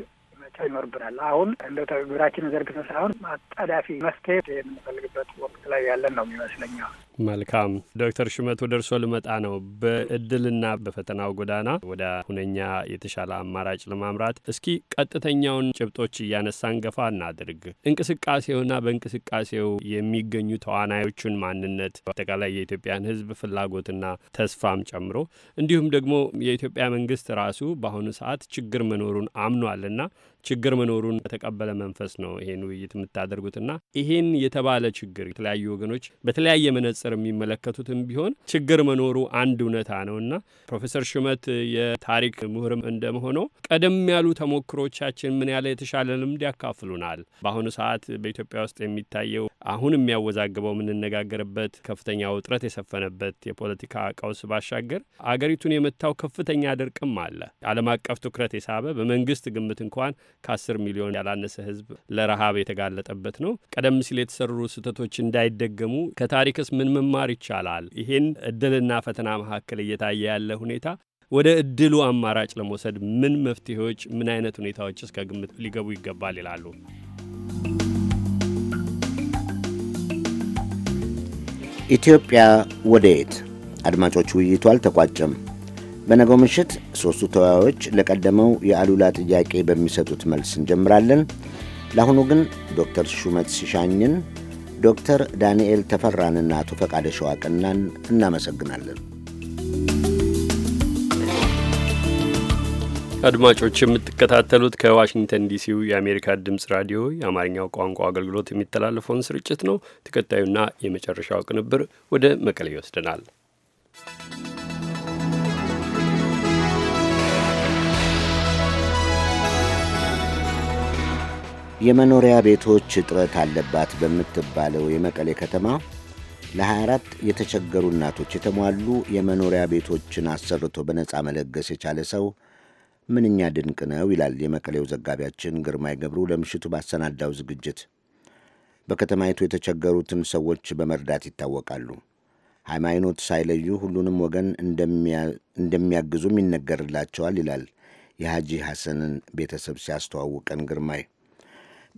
መፍጠር ይኖርብናል። አሁን እንደ ግራችን ዘርግተን ሳይሆን አጣዳፊ መፍትሄ የምንፈልግበት ወቅት ላይ ያለን ነው የሚመስለኛል። መልካም ዶክተር ሹመት ወደ እርስዎ ልመጣ ነው። በእድልና በፈተናው ጎዳና ወደ ሁነኛ የተሻለ አማራጭ ለማምራት እስኪ ቀጥተኛውን ጭብጦች እያነሳን ገፋ እናድርግ። እንቅስቃሴውና በእንቅስቃሴው የሚገኙ ተዋናዮቹን ማንነት አጠቃላይ የኢትዮጵያን ሕዝብ ፍላጎትና ተስፋም ጨምሮ እንዲሁም ደግሞ የኢትዮጵያ መንግስት ራሱ በአሁኑ ሰዓት ችግር መኖሩን አምኗልና ችግር መኖሩን በተቀበለ መንፈስ ነው ይሄን ውይይት የምታደርጉትና ይሄን የተባለ ችግር የተለያዩ ወገኖች በተለያየ መነጽር የሚመለከቱትም ቢሆን ችግር መኖሩ አንድ እውነታ ነውና ፕሮፌሰር ሹመት የታሪክ ምሁርም እንደመሆነው ቀደም ያሉ ተሞክሮቻችን ምን ያለ የተሻለ ልምድ ያካፍሉናል። በአሁኑ ሰዓት በኢትዮጵያ ውስጥ የሚታየው አሁን የሚያወዛግበው የምንነጋገርበት ከፍተኛ ውጥረት የሰፈነበት የፖለቲካ ቀውስ ባሻገር አገሪቱን የመታው ከፍተኛ ድርቅም አለ። ዓለም አቀፍ ትኩረት የሳበ በመንግስት ግምት እንኳን ከአስር ሚሊዮን ያላነሰ ህዝብ ለረሃብ የተጋለጠበት ነው። ቀደም ሲል የተሰሩ ስህተቶች እንዳይደገሙ ከታሪክስ ምን መማር ይቻላል? ይሄን እድልና ፈተና መካከል እየታየ ያለ ሁኔታ ወደ እድሉ አማራጭ ለመውሰድ ምን መፍትሄዎች፣ ምን አይነት ሁኔታዎች እስከ ግምት ሊገቡ ይገባል ይላሉ? ኢትዮጵያ ወደ የት? አድማጮች፣ ውይይቱ አልተቋጨም። በነገው ምሽት ሦስቱ ተወያዮች ለቀደመው የአሉላ ጥያቄ በሚሰጡት መልስ እንጀምራለን። ለአሁኑ ግን ዶክተር ሹመት ሲሻኝን፣ ዶክተር ዳንኤል ተፈራንና አቶ ፈቃደ ሸዋቅናን እናመሰግናለን። አድማጮች የምትከታተሉት ከዋሽንግተን ዲሲው የአሜሪካ ድምፅ ራዲዮ የአማርኛው ቋንቋ አገልግሎት የሚተላለፈውን ስርጭት ነው። ተከታዩና የመጨረሻው ቅንብር ወደ መቀሌ ይወስደናል። የመኖሪያ ቤቶች እጥረት አለባት በምትባለው የመቀሌ ከተማ ለ24 የተቸገሩ እናቶች የተሟሉ የመኖሪያ ቤቶችን አሰርቶ በነፃ መለገስ የቻለ ሰው ምንኛ ድንቅ ነው ይላል የመቀሌው ዘጋቢያችን ግርማይ ገብሩ ለምሽቱ ባሰናዳው ዝግጅት። በከተማይቱ የተቸገሩትን ሰዎች በመርዳት ይታወቃሉ። ሃይማኖት ሳይለዩ ሁሉንም ወገን እንደሚያግዙም ይነገርላቸዋል ይላል የሐጂ ሐሰንን ቤተሰብ ሲያስተዋውቀን ግርማይ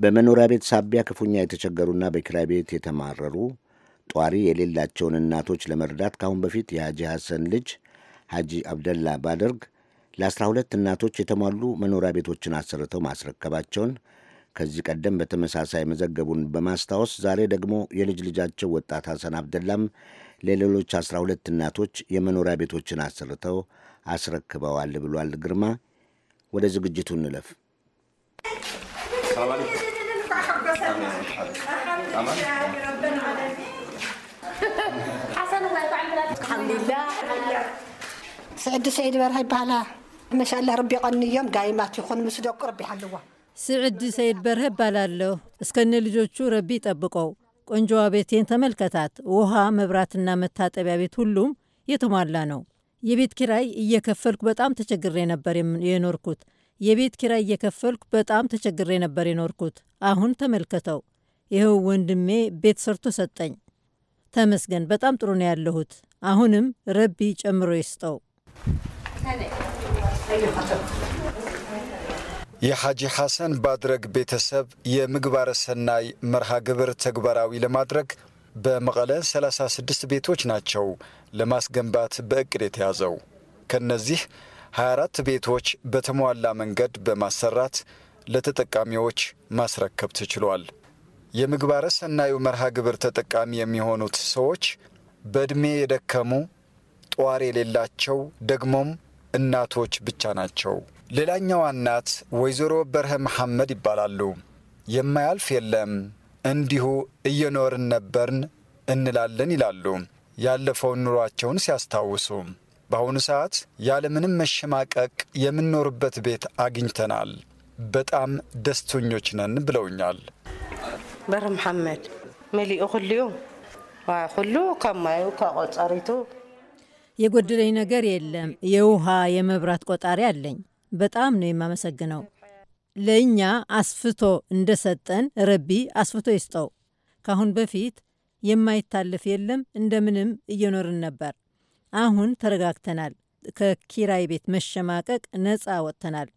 በመኖሪያ ቤት ሳቢያ ክፉኛ የተቸገሩና በኪራይ ቤት የተማረሩ ጧሪ የሌላቸውን እናቶች ለመርዳት ከአሁን በፊት የሐጂ ሐሰን ልጅ ሐጂ አብደላ ባደርግ ለ12 እናቶች የተሟሉ መኖሪያ ቤቶችን አሰርተው ማስረከባቸውን ከዚህ ቀደም በተመሳሳይ መዘገቡን በማስታወስ ዛሬ ደግሞ የልጅ ልጃቸው ወጣት ሐሰን አብደላም ለሌሎች 12 እናቶች የመኖሪያ ቤቶችን አሰርተው አስረክበዋል ብሏል። ግርማ ወደ ዝግጅቱ እንለፍ። ስዕዲ ሰይድ በርሀ ይበሃላ መሻላ ረቢ ቀንዮም ጋይማት ይኹን ምስ ደቁ ረቢ ሓልዋ ስዕዲ ሰይድ በርሀ ይባላለሁ። እስከነ ልጆቹ ረቢ ይጠብቀው። ቆንጆዋ ቤቴን ተመልከታት። ውሃ መብራትና መታጠቢያ ቤት ሁሉም የተሟላ ነው። የቤት ኪራይ እየከፈልኩ በጣም ተቸግሬ ነበር የኖርኩት። የቤት ኪራይ እየከፈልኩ በጣም ተቸግሬ ነበር የኖርኩት። አሁን ተመልከተው፣ ይኸው ወንድሜ ቤት ሰርቶ ሰጠኝ። ተመስገን፣ በጣም ጥሩ ነው ያለሁት። አሁንም ረቢ ጨምሮ ይስጠው። የሐጂ ሐሰን ባድረግ ቤተሰብ የምግባረ ሰናይ መርሃ ግብር ተግባራዊ ለማድረግ በመቀለ 36 ቤቶች ናቸው ለማስገንባት በእቅድ የተያዘው ከነዚህ 24 ቤቶች በተሟላ መንገድ በማሰራት ለተጠቃሚዎች ማስረከብ ተችሏል። የምግባረ ሰናዩ መርሃ ግብር ተጠቃሚ የሚሆኑት ሰዎች በዕድሜ የደከሙ ጧር የሌላቸው ደግሞም እናቶች ብቻ ናቸው። ሌላኛዋ እናት ወይዘሮ በርሀ መሐመድ ይባላሉ። የማያልፍ የለም እንዲሁ እየኖርን ነበርን እንላለን ይላሉ ያለፈውን ኑሯቸውን ሲያስታውሱ በአሁኑ ሰዓት ያለምንም መሸማቀቅ የምንኖርበት ቤት አግኝተናል፣ በጣም ደስተኞች ነን ብለውኛል። በር መሐመድ መሊኡ ኩልዩ ኩሉ ከማዩ ማዩ የጎደለኝ ነገር የለም። የውሃ የመብራት ቆጣሪ አለኝ። በጣም ነው የማመሰግነው። ለእኛ አስፍቶ እንደሰጠን ረቢ አስፍቶ ይስጠው። ካሁን በፊት የማይታለፍ የለም እንደምንም እየኖርን ነበር። አሁን ተረጋግተናል፣ ከኪራይ ቤት መሸማቀቅ ነፃ ወጥተናል።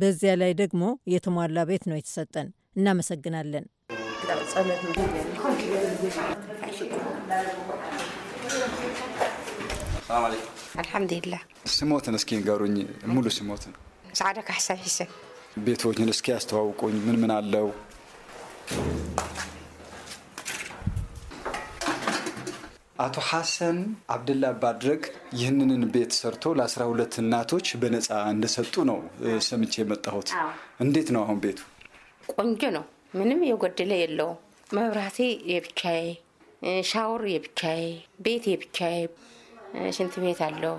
በዚያ ላይ ደግሞ የተሟላ ቤት ነው የተሰጠን። እናመሰግናለን። አልሐምዱሊላህ። ስሞትን እስኪ ንገሩኝ፣ ሙሉ ስሞትን። ሳዕዳ ካሕሰን ሒሰን። ቤቶችን እስኪ ያስተዋውቁኝ፣ ምን ምን አለው? አቶ ሐሰን አብደላ ባድረግ ይህንን ቤት ሰርቶ ለአስራ ሁለት እናቶች በነፃ እንደሰጡ ነው ሰምቼ የመጣሁት። እንዴት ነው አሁን ቤቱ? ቆንጆ ነው። ምንም የጎደለ የለውም። መብራቴ የብቻዬ፣ ሻወር የብቻዬ፣ ቤት የብቻዬ፣ ሽንት ቤት አለው።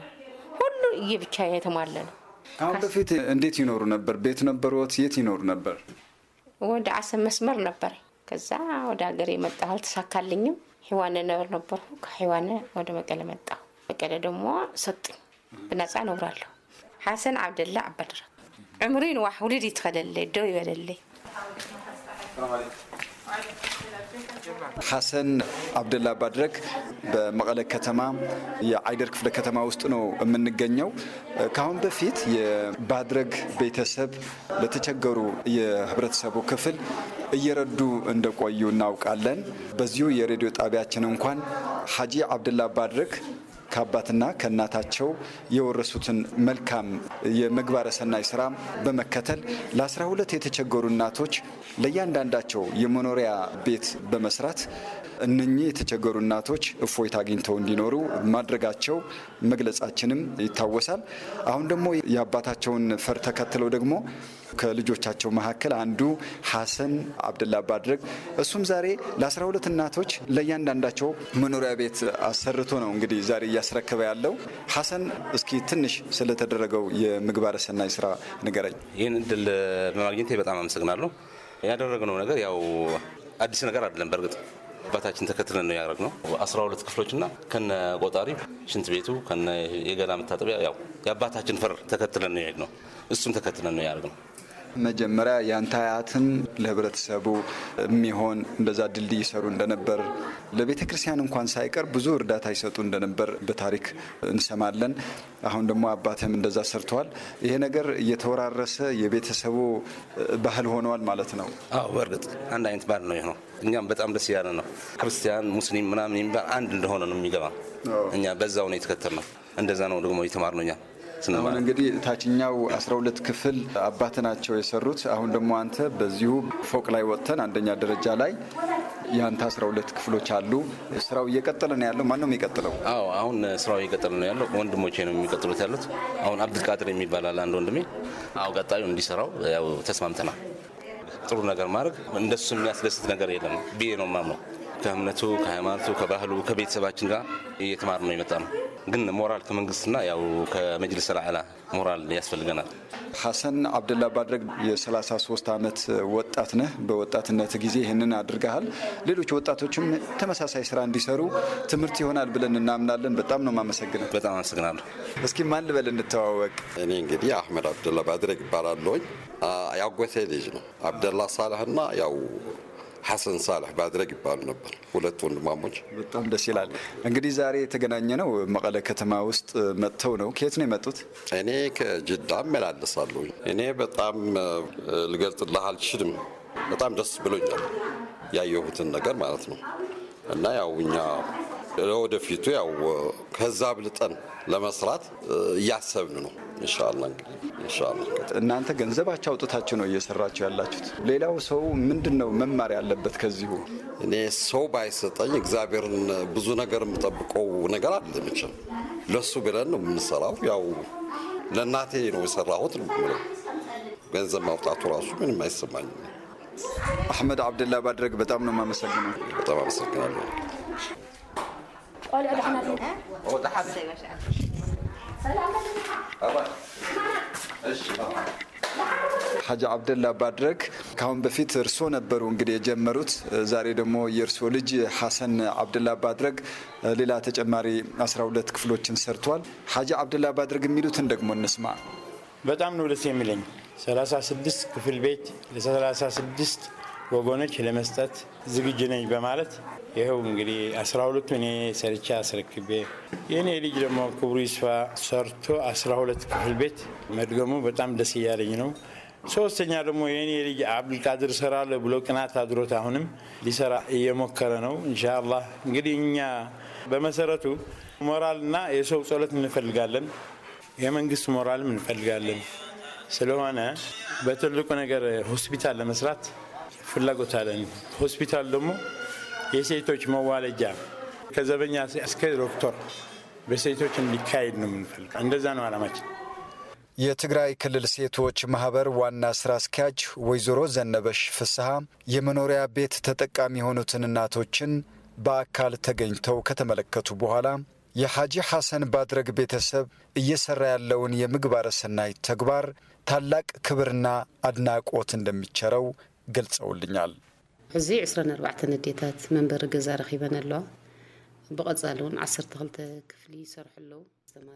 ሁሉ የብቻዬ የተሟለ ነው። አሁን በፊት እንዴት ይኖሩ ነበር? ቤት ነበሮት? የት ይኖሩ ነበር? ወደ አሰብ መስመር ነበር። ከዛ ወደ ሀገር የመጣሁ አልተሳካልኝም። ሂዋን ነበር ነበርኩ። ከሂዋን ወደ መቀለ መጣሁ። መቀለ ደግሞ ሰጡኝ። ብነፃ ነብራለሁ። ሓሰን ዓብደላ ዓባድራ ዕምሪ ንዋሕ ውልድ ይትኸለለይ ደው ይበለለይ ሐሰን አብደላ ባድረግ በመቀለ ከተማ የአይደር ክፍለ ከተማ ውስጥ ነው የምንገኘው። ከአሁን በፊት የባድረግ ቤተሰብ ለተቸገሩ የህብረተሰቡ ክፍል እየረዱ እንደቆዩ እናውቃለን። በዚሁ የሬዲዮ ጣቢያችን እንኳን ሀጂ አብደላ ባድረግ ከአባትና ከእናታቸው የወረሱትን መልካም የምግባረ ሰናይ ስራ በመከተል ለ12 የተቸገሩ እናቶች ለእያንዳንዳቸው የመኖሪያ ቤት በመስራት እነኚህ የተቸገሩ እናቶች እፎይታ አግኝተው እንዲኖሩ ማድረጋቸው መግለጻችንም ይታወሳል። አሁን ደግሞ የአባታቸውን ፈር ተከትለው ደግሞ ከልጆቻቸው መካከል አንዱ ሀሰን አብደላ ባድረግ እሱም ዛሬ ለአስራ ሁለት እናቶች ለእያንዳንዳቸው መኖሪያ ቤት አሰርቶ ነው እንግዲህ ዛሬ እያስረከበ ያለው። ሀሰን እስኪ ትንሽ ስለተደረገው የምግባረ ሰናይ ስራ ንገረኝ። ይህን እድል በማግኘት በጣም አመሰግናለሁ። ያደረግነው ነገር ያው አዲስ ነገር አይደለም። በእርግጥ አባታችን ተከትለን ነው ያደረግነው። አስራ ሁለት ክፍሎችና ከነ ቆጣሪ ሽንት ቤቱ ከነ የገላ መታጠቢያ ያው የአባታችን ፈር ተከትለን ነው የሄድነው። እሱም ተከትለን ነው ያደረግነው። መጀመሪያ የአንተ አያትም ለህብረተሰቡ የሚሆን እንደዛ ድልድይ ይሰሩ እንደነበር ለቤተ ክርስቲያን እንኳን ሳይቀር ብዙ እርዳታ ይሰጡ እንደነበር በታሪክ እንሰማለን። አሁን ደግሞ አባትም እንደዛ ሰርተዋል። ይሄ ነገር እየተወራረሰ የቤተሰቡ ባህል ሆነዋል ማለት ነው። አዎ በእርግጥ አንድ አይነት ባህል ነው የሆነው። እኛም በጣም ደስ እያለ ነው። ክርስቲያን፣ ሙስሊም ምናምን የሚባል አንድ እንደሆነ ነው የሚገባ። እኛ በዛው ነው የተከተልነው። እንደዛ ነው ደግሞ ነው እኛ አሁን እንግዲህ ታችኛው 12 ክፍል አባት ናቸው የሰሩት። አሁን ደግሞ አንተ በዚሁ ፎቅ ላይ ወጥተን አንደኛ ደረጃ ላይ የአንተ 12 ክፍሎች አሉ። ስራው እየቀጠለ ነው ያለው። ማን ነው የሚቀጥለው? አዎ አሁን ስራው እየቀጠለ ነው ያለው። ወንድሞቼ ነው የሚቀጥሉት ያሉት። አሁን አብዱልቃድር የሚባል አለ አንድ ወንድሜ። አዎ ቀጣዩ እንዲሰራው ያው ተስማምተናል። ጥሩ ነገር ማድረግ እንደሱ የሚያስደስት ነገር የለም ብዬ ነው የማምነው። ከእምነቱ ከሃይማኖቱ ከባህሉ ከቤተሰባችን ጋር እየተማር ነው የመጣ ነው። ግን ሞራል ከመንግስትና ያው ከመጅልስ ላዕላ ሞራል ያስፈልገናል። ሐሰን አብደላ ባድረግ የ33 ዓመት ወጣት ነህ። በወጣትነት ጊዜ ይህንን አድርገሃል። ሌሎች ወጣቶችም ተመሳሳይ ስራ እንዲሰሩ ትምህርት ይሆናል ብለን እናምናለን። በጣም ነው ማመሰግነ በጣም አመሰግናለሁ። እስኪ ማን ልበል እንተዋወቅ። እኔ እንግዲህ አህመድ አብደላ ባድረግ ይባላለኝ ያጎሴ ልጅ ነው አብደላ ሳልህና ያው ሐሰን ሳልሕ ባድረግ ይባሉ ነበር። ሁለት ወንድማሞች። በጣም ደስ ይላል። እንግዲህ ዛሬ የተገናኘ ነው መቀለ ከተማ ውስጥ መጥተው ነው። ከየት ነው የመጡት? እኔ ከጅዳ እመላለሳለሁ። እኔ በጣም ልገልጽልህ አልችልም። በጣም ደስ ብሎኛል ያየሁትን ነገር ማለት ነው እና ያው እኛ ለወደፊቱ ያው ከዛ ብልጠን ለመስራት እያሰብን ነው። ኢንሻአላህ እናንተ ገንዘባችሁ አውጥታችሁ ነው እየሰራችሁ ያላችሁት። ሌላው ሰው ምንድን ነው መማር ያለበት ከዚሁ? እኔ ሰው ባይሰጠኝ እግዚአብሔርን ብዙ ነገር የምጠብቀው ነገር አለ። መቼም ለሱ ብለን ነው የምንሰራው። ያው ለእናቴ ነው የሰራሁት። ገንዘብ ማውጣቱ ራሱ ምንም አይሰማኝም። አሕመድ አብደላ ባድረግ በጣም ነው የማመሰግነው። በጣም አመሰግናለሁ። ሀጂ አብደላ ባድረግ ከአሁን በፊት እርሶ ነበሩ እንግዲህ የጀመሩት። ዛሬ ደግሞ የእርሶ ልጅ ሀሰን አብደላ ባድረግ ሌላ ተጨማሪ 12 ክፍሎችን ሰርቷል። ሀጂ አብደላ ባድረግ የሚሉትን ደግሞ እንስማ። በጣም ነው ደስ የሚለኝ 36 ክፍል ቤት ለ36 ወገኖች ለመስጠት ዝግጁ ነኝ በማለት ይኸው እንግዲህ አስራ ሁለቱ እኔ ሰርቻ አስረክቤ የእኔ ልጅ ደግሞ ክብሩ ይስፋ ሰርቶ አስራ ሁለት ክፍል ቤት መድገሙ በጣም ደስ እያለኝ ነው። ሶስተኛ ደግሞ የእኔ ልጅ አብዱልቃድር እሰራለሁ ብሎ ቅናት አድሮት አሁንም ሊሰራ እየሞከረ ነው። እንሻላ እንግዲህ እኛ በመሰረቱ ሞራልና የሰው ጸሎት እንፈልጋለን፣ የመንግስት ሞራልም እንፈልጋለን። ስለሆነ በትልቁ ነገር ሆስፒታል ለመስራት ፍላጎት አለን። ሆስፒታል ደግሞ የሴቶች መዋለጃ ከዘበኛ እስከ ዶክተር በሴቶች እንዲካሄድ ነው የምንፈልገው። እንደዛ ነው አላማችን። የትግራይ ክልል ሴቶች ማህበር ዋና ስራ አስኪያጅ ወይዘሮ ዘነበሽ ፍስሐ የመኖሪያ ቤት ተጠቃሚ የሆኑትን እናቶችን በአካል ተገኝተው ከተመለከቱ በኋላ የሐጂ ሐሰን ባድረግ ቤተሰብ እየሰራ ያለውን የምግባረ ሰናይ ተግባር ታላቅ ክብርና አድናቆት እንደሚቸረው ገልጸውልኛል። ሕዚ 24 ንዴታት መንበሪ ገዛ ረኺበን ኣሎ ብቐፃሊ እውን 12 ክፍሊ ይሰርሑ ኣለዉ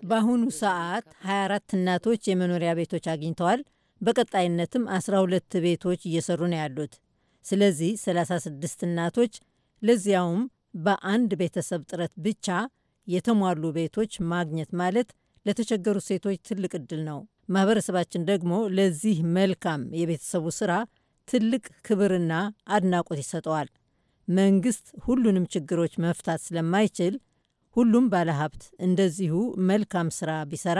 በአሁኑ ሰዓት 24 እናቶች የመኖሪያ ቤቶች አግኝተዋል። በቀጣይነትም 12 ቤቶች እየሰሩ ነው ያሉት። ስለዚህ 36 እናቶች ለዚያውም በአንድ ቤተሰብ ጥረት ብቻ የተሟሉ ቤቶች ማግኘት ማለት ለተቸገሩ ሴቶች ትልቅ ዕድል ነው። ማህበረሰባችን ደግሞ ለዚህ መልካም የቤተሰቡ ስራ ትልቅ ክብርና አድናቆት ይሰጠዋል። መንግስት ሁሉንም ችግሮች መፍታት ስለማይችል ሁሉም ባለሀብት እንደዚሁ መልካም ስራ ቢሰራ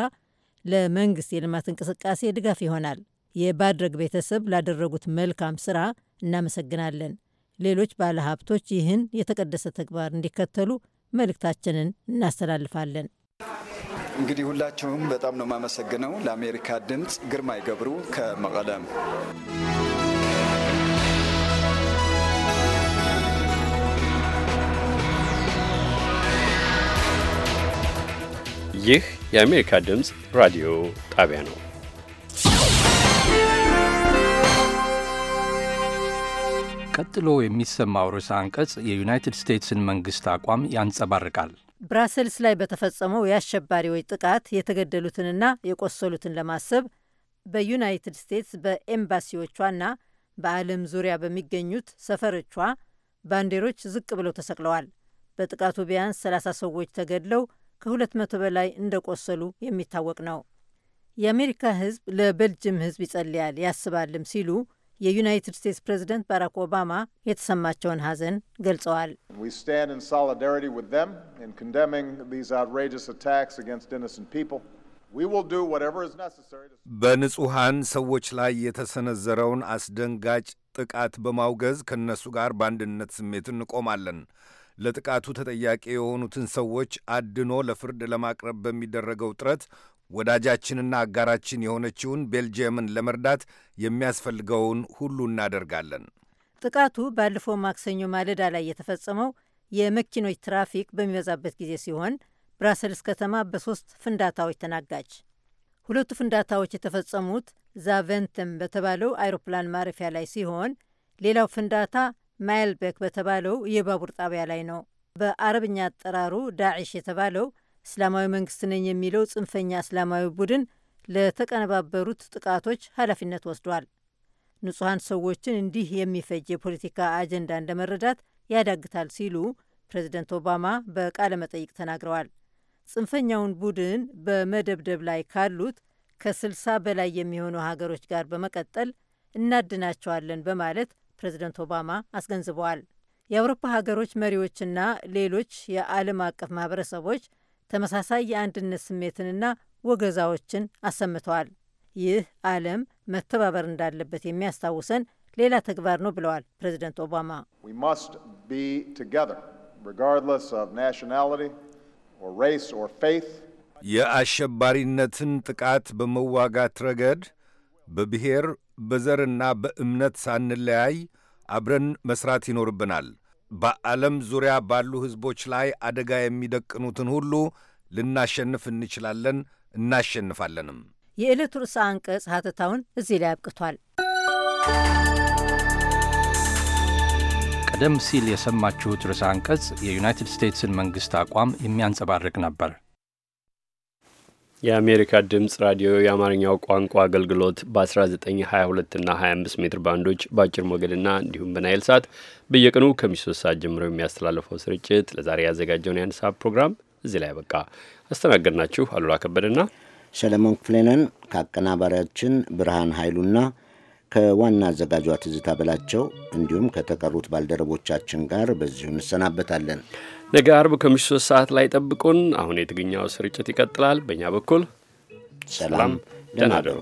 ለመንግስት የልማት እንቅስቃሴ ድጋፍ ይሆናል። የባድረግ ቤተሰብ ላደረጉት መልካም ስራ እናመሰግናለን። ሌሎች ባለሀብቶች ይህን የተቀደሰ ተግባር እንዲከተሉ መልእክታችንን እናስተላልፋለን። እንግዲህ ሁላችሁም በጣም ነው የማመሰግነው። ለአሜሪካ ድምፅ ግርማይ ገብሩ ከመቀለም ይህ የአሜሪካ ድምፅ ራዲዮ ጣቢያ ነው። ቀጥሎ የሚሰማው ርዕሰ አንቀጽ የዩናይትድ ስቴትስን መንግስት አቋም ያንጸባርቃል። ብራሰልስ ላይ በተፈጸመው የአሸባሪዎች ጥቃት የተገደሉትንና የቆሰሉትን ለማሰብ በዩናይትድ ስቴትስ በኤምባሲዎቿና በዓለም ዙሪያ በሚገኙት ሰፈሮቿ ባንዲሮች ዝቅ ብለው ተሰቅለዋል። በጥቃቱ ቢያንስ 30 ሰዎች ተገድለው ከ200 በላይ እንደቆሰሉ የሚታወቅ ነው። የአሜሪካ ሕዝብ ለበልጅም ሕዝብ ይጸልያል ያስባልም ሲሉ የዩናይትድ ስቴትስ ፕሬዝደንት ባራክ ኦባማ የተሰማቸውን ሐዘን ገልጸዋል። በንጹሐን ሰዎች ላይ የተሰነዘረውን አስደንጋጭ ጥቃት በማውገዝ ከእነሱ ጋር በአንድነት ስሜት እንቆማለን። ለጥቃቱ ተጠያቂ የሆኑትን ሰዎች አድኖ ለፍርድ ለማቅረብ በሚደረገው ጥረት ወዳጃችንና አጋራችን የሆነችውን ቤልጅየምን ለመርዳት የሚያስፈልገውን ሁሉ እናደርጋለን። ጥቃቱ ባለፈው ማክሰኞ ማለዳ ላይ የተፈጸመው የመኪኖች ትራፊክ በሚበዛበት ጊዜ ሲሆን ብራሰልስ ከተማ በሶስት ፍንዳታዎች ተናጋች። ሁለቱ ፍንዳታዎች የተፈጸሙት ዛቬንተም በተባለው አይሮፕላን ማረፊያ ላይ ሲሆን ሌላው ፍንዳታ ማይልበክ በተባለው የባቡር ጣቢያ ላይ ነው። በአረብኛ አጠራሩ ዳዕሽ የተባለው እስላማዊ መንግስት ነኝ የሚለው ጽንፈኛ እስላማዊ ቡድን ለተቀነባበሩት ጥቃቶች ኃላፊነት ወስዷል። ንጹሐን ሰዎችን እንዲህ የሚፈጅ የፖለቲካ አጀንዳ እንደመረዳት ያዳግታል ሲሉ ፕሬዚደንት ኦባማ በቃለ መጠይቅ ተናግረዋል። ጽንፈኛውን ቡድን በመደብደብ ላይ ካሉት ከስልሳ በላይ የሚሆኑ ሀገሮች ጋር በመቀጠል እናድናቸዋለን በማለት ፕሬዚደንት ኦባማ አስገንዝበዋል። የአውሮፓ ሀገሮች መሪዎችና ሌሎች የዓለም አቀፍ ማህበረሰቦች ተመሳሳይ የአንድነት ስሜትንና ወገዛዎችን አሰምተዋል። ይህ ዓለም መተባበር እንዳለበት የሚያስታውሰን ሌላ ተግባር ነው ብለዋል ፕሬዚደንት ኦባማ። የአሸባሪነትን ጥቃት በመዋጋት ረገድ በብሔር በዘርና በእምነት ሳንለያይ አብረን መስራት ይኖርብናል። በዓለም ዙሪያ ባሉ ሕዝቦች ላይ አደጋ የሚደቅኑትን ሁሉ ልናሸንፍ እንችላለን፣ እናሸንፋለንም። የዕለቱ ርዕሰ አንቀጽ ሀተታውን እዚህ ላይ አብቅቷል። ቀደም ሲል የሰማችሁት ርዕሰ አንቀጽ የዩናይትድ ስቴትስን መንግሥት አቋም የሚያንጸባርቅ ነበር። የአሜሪካ ድምፅ ራዲዮ የአማርኛው ቋንቋ አገልግሎት በ1922 እና 25 ሜትር ባንዶች በአጭር ሞገድና እንዲሁም በናይል ሳት በየቀኑ ከምሽቱ ሶስት ሰዓት ጀምሮ የሚያስተላልፈው ስርጭት ለዛሬ ያዘጋጀውን የአንድ ሰዓት ፕሮግራም እዚህ ላይ ያበቃ። አስተናገድናችሁ አሉላ ከበደና ሰለሞን ክፍሌ ነን ከአቀናባሪያችን ብርሃን ኃይሉና ከዋና አዘጋጇ ትዝታ በላቸው እንዲሁም ከተቀሩት ባልደረቦቻችን ጋር በዚሁ እንሰናበታለን። ነገ አርብ ከምሽቱ ሶስት ሰዓት ላይ ጠብቁን። አሁን የትግኛው ስርጭት ይቀጥላል። በእኛ በኩል ሰላም፣ ደህና እደሩ።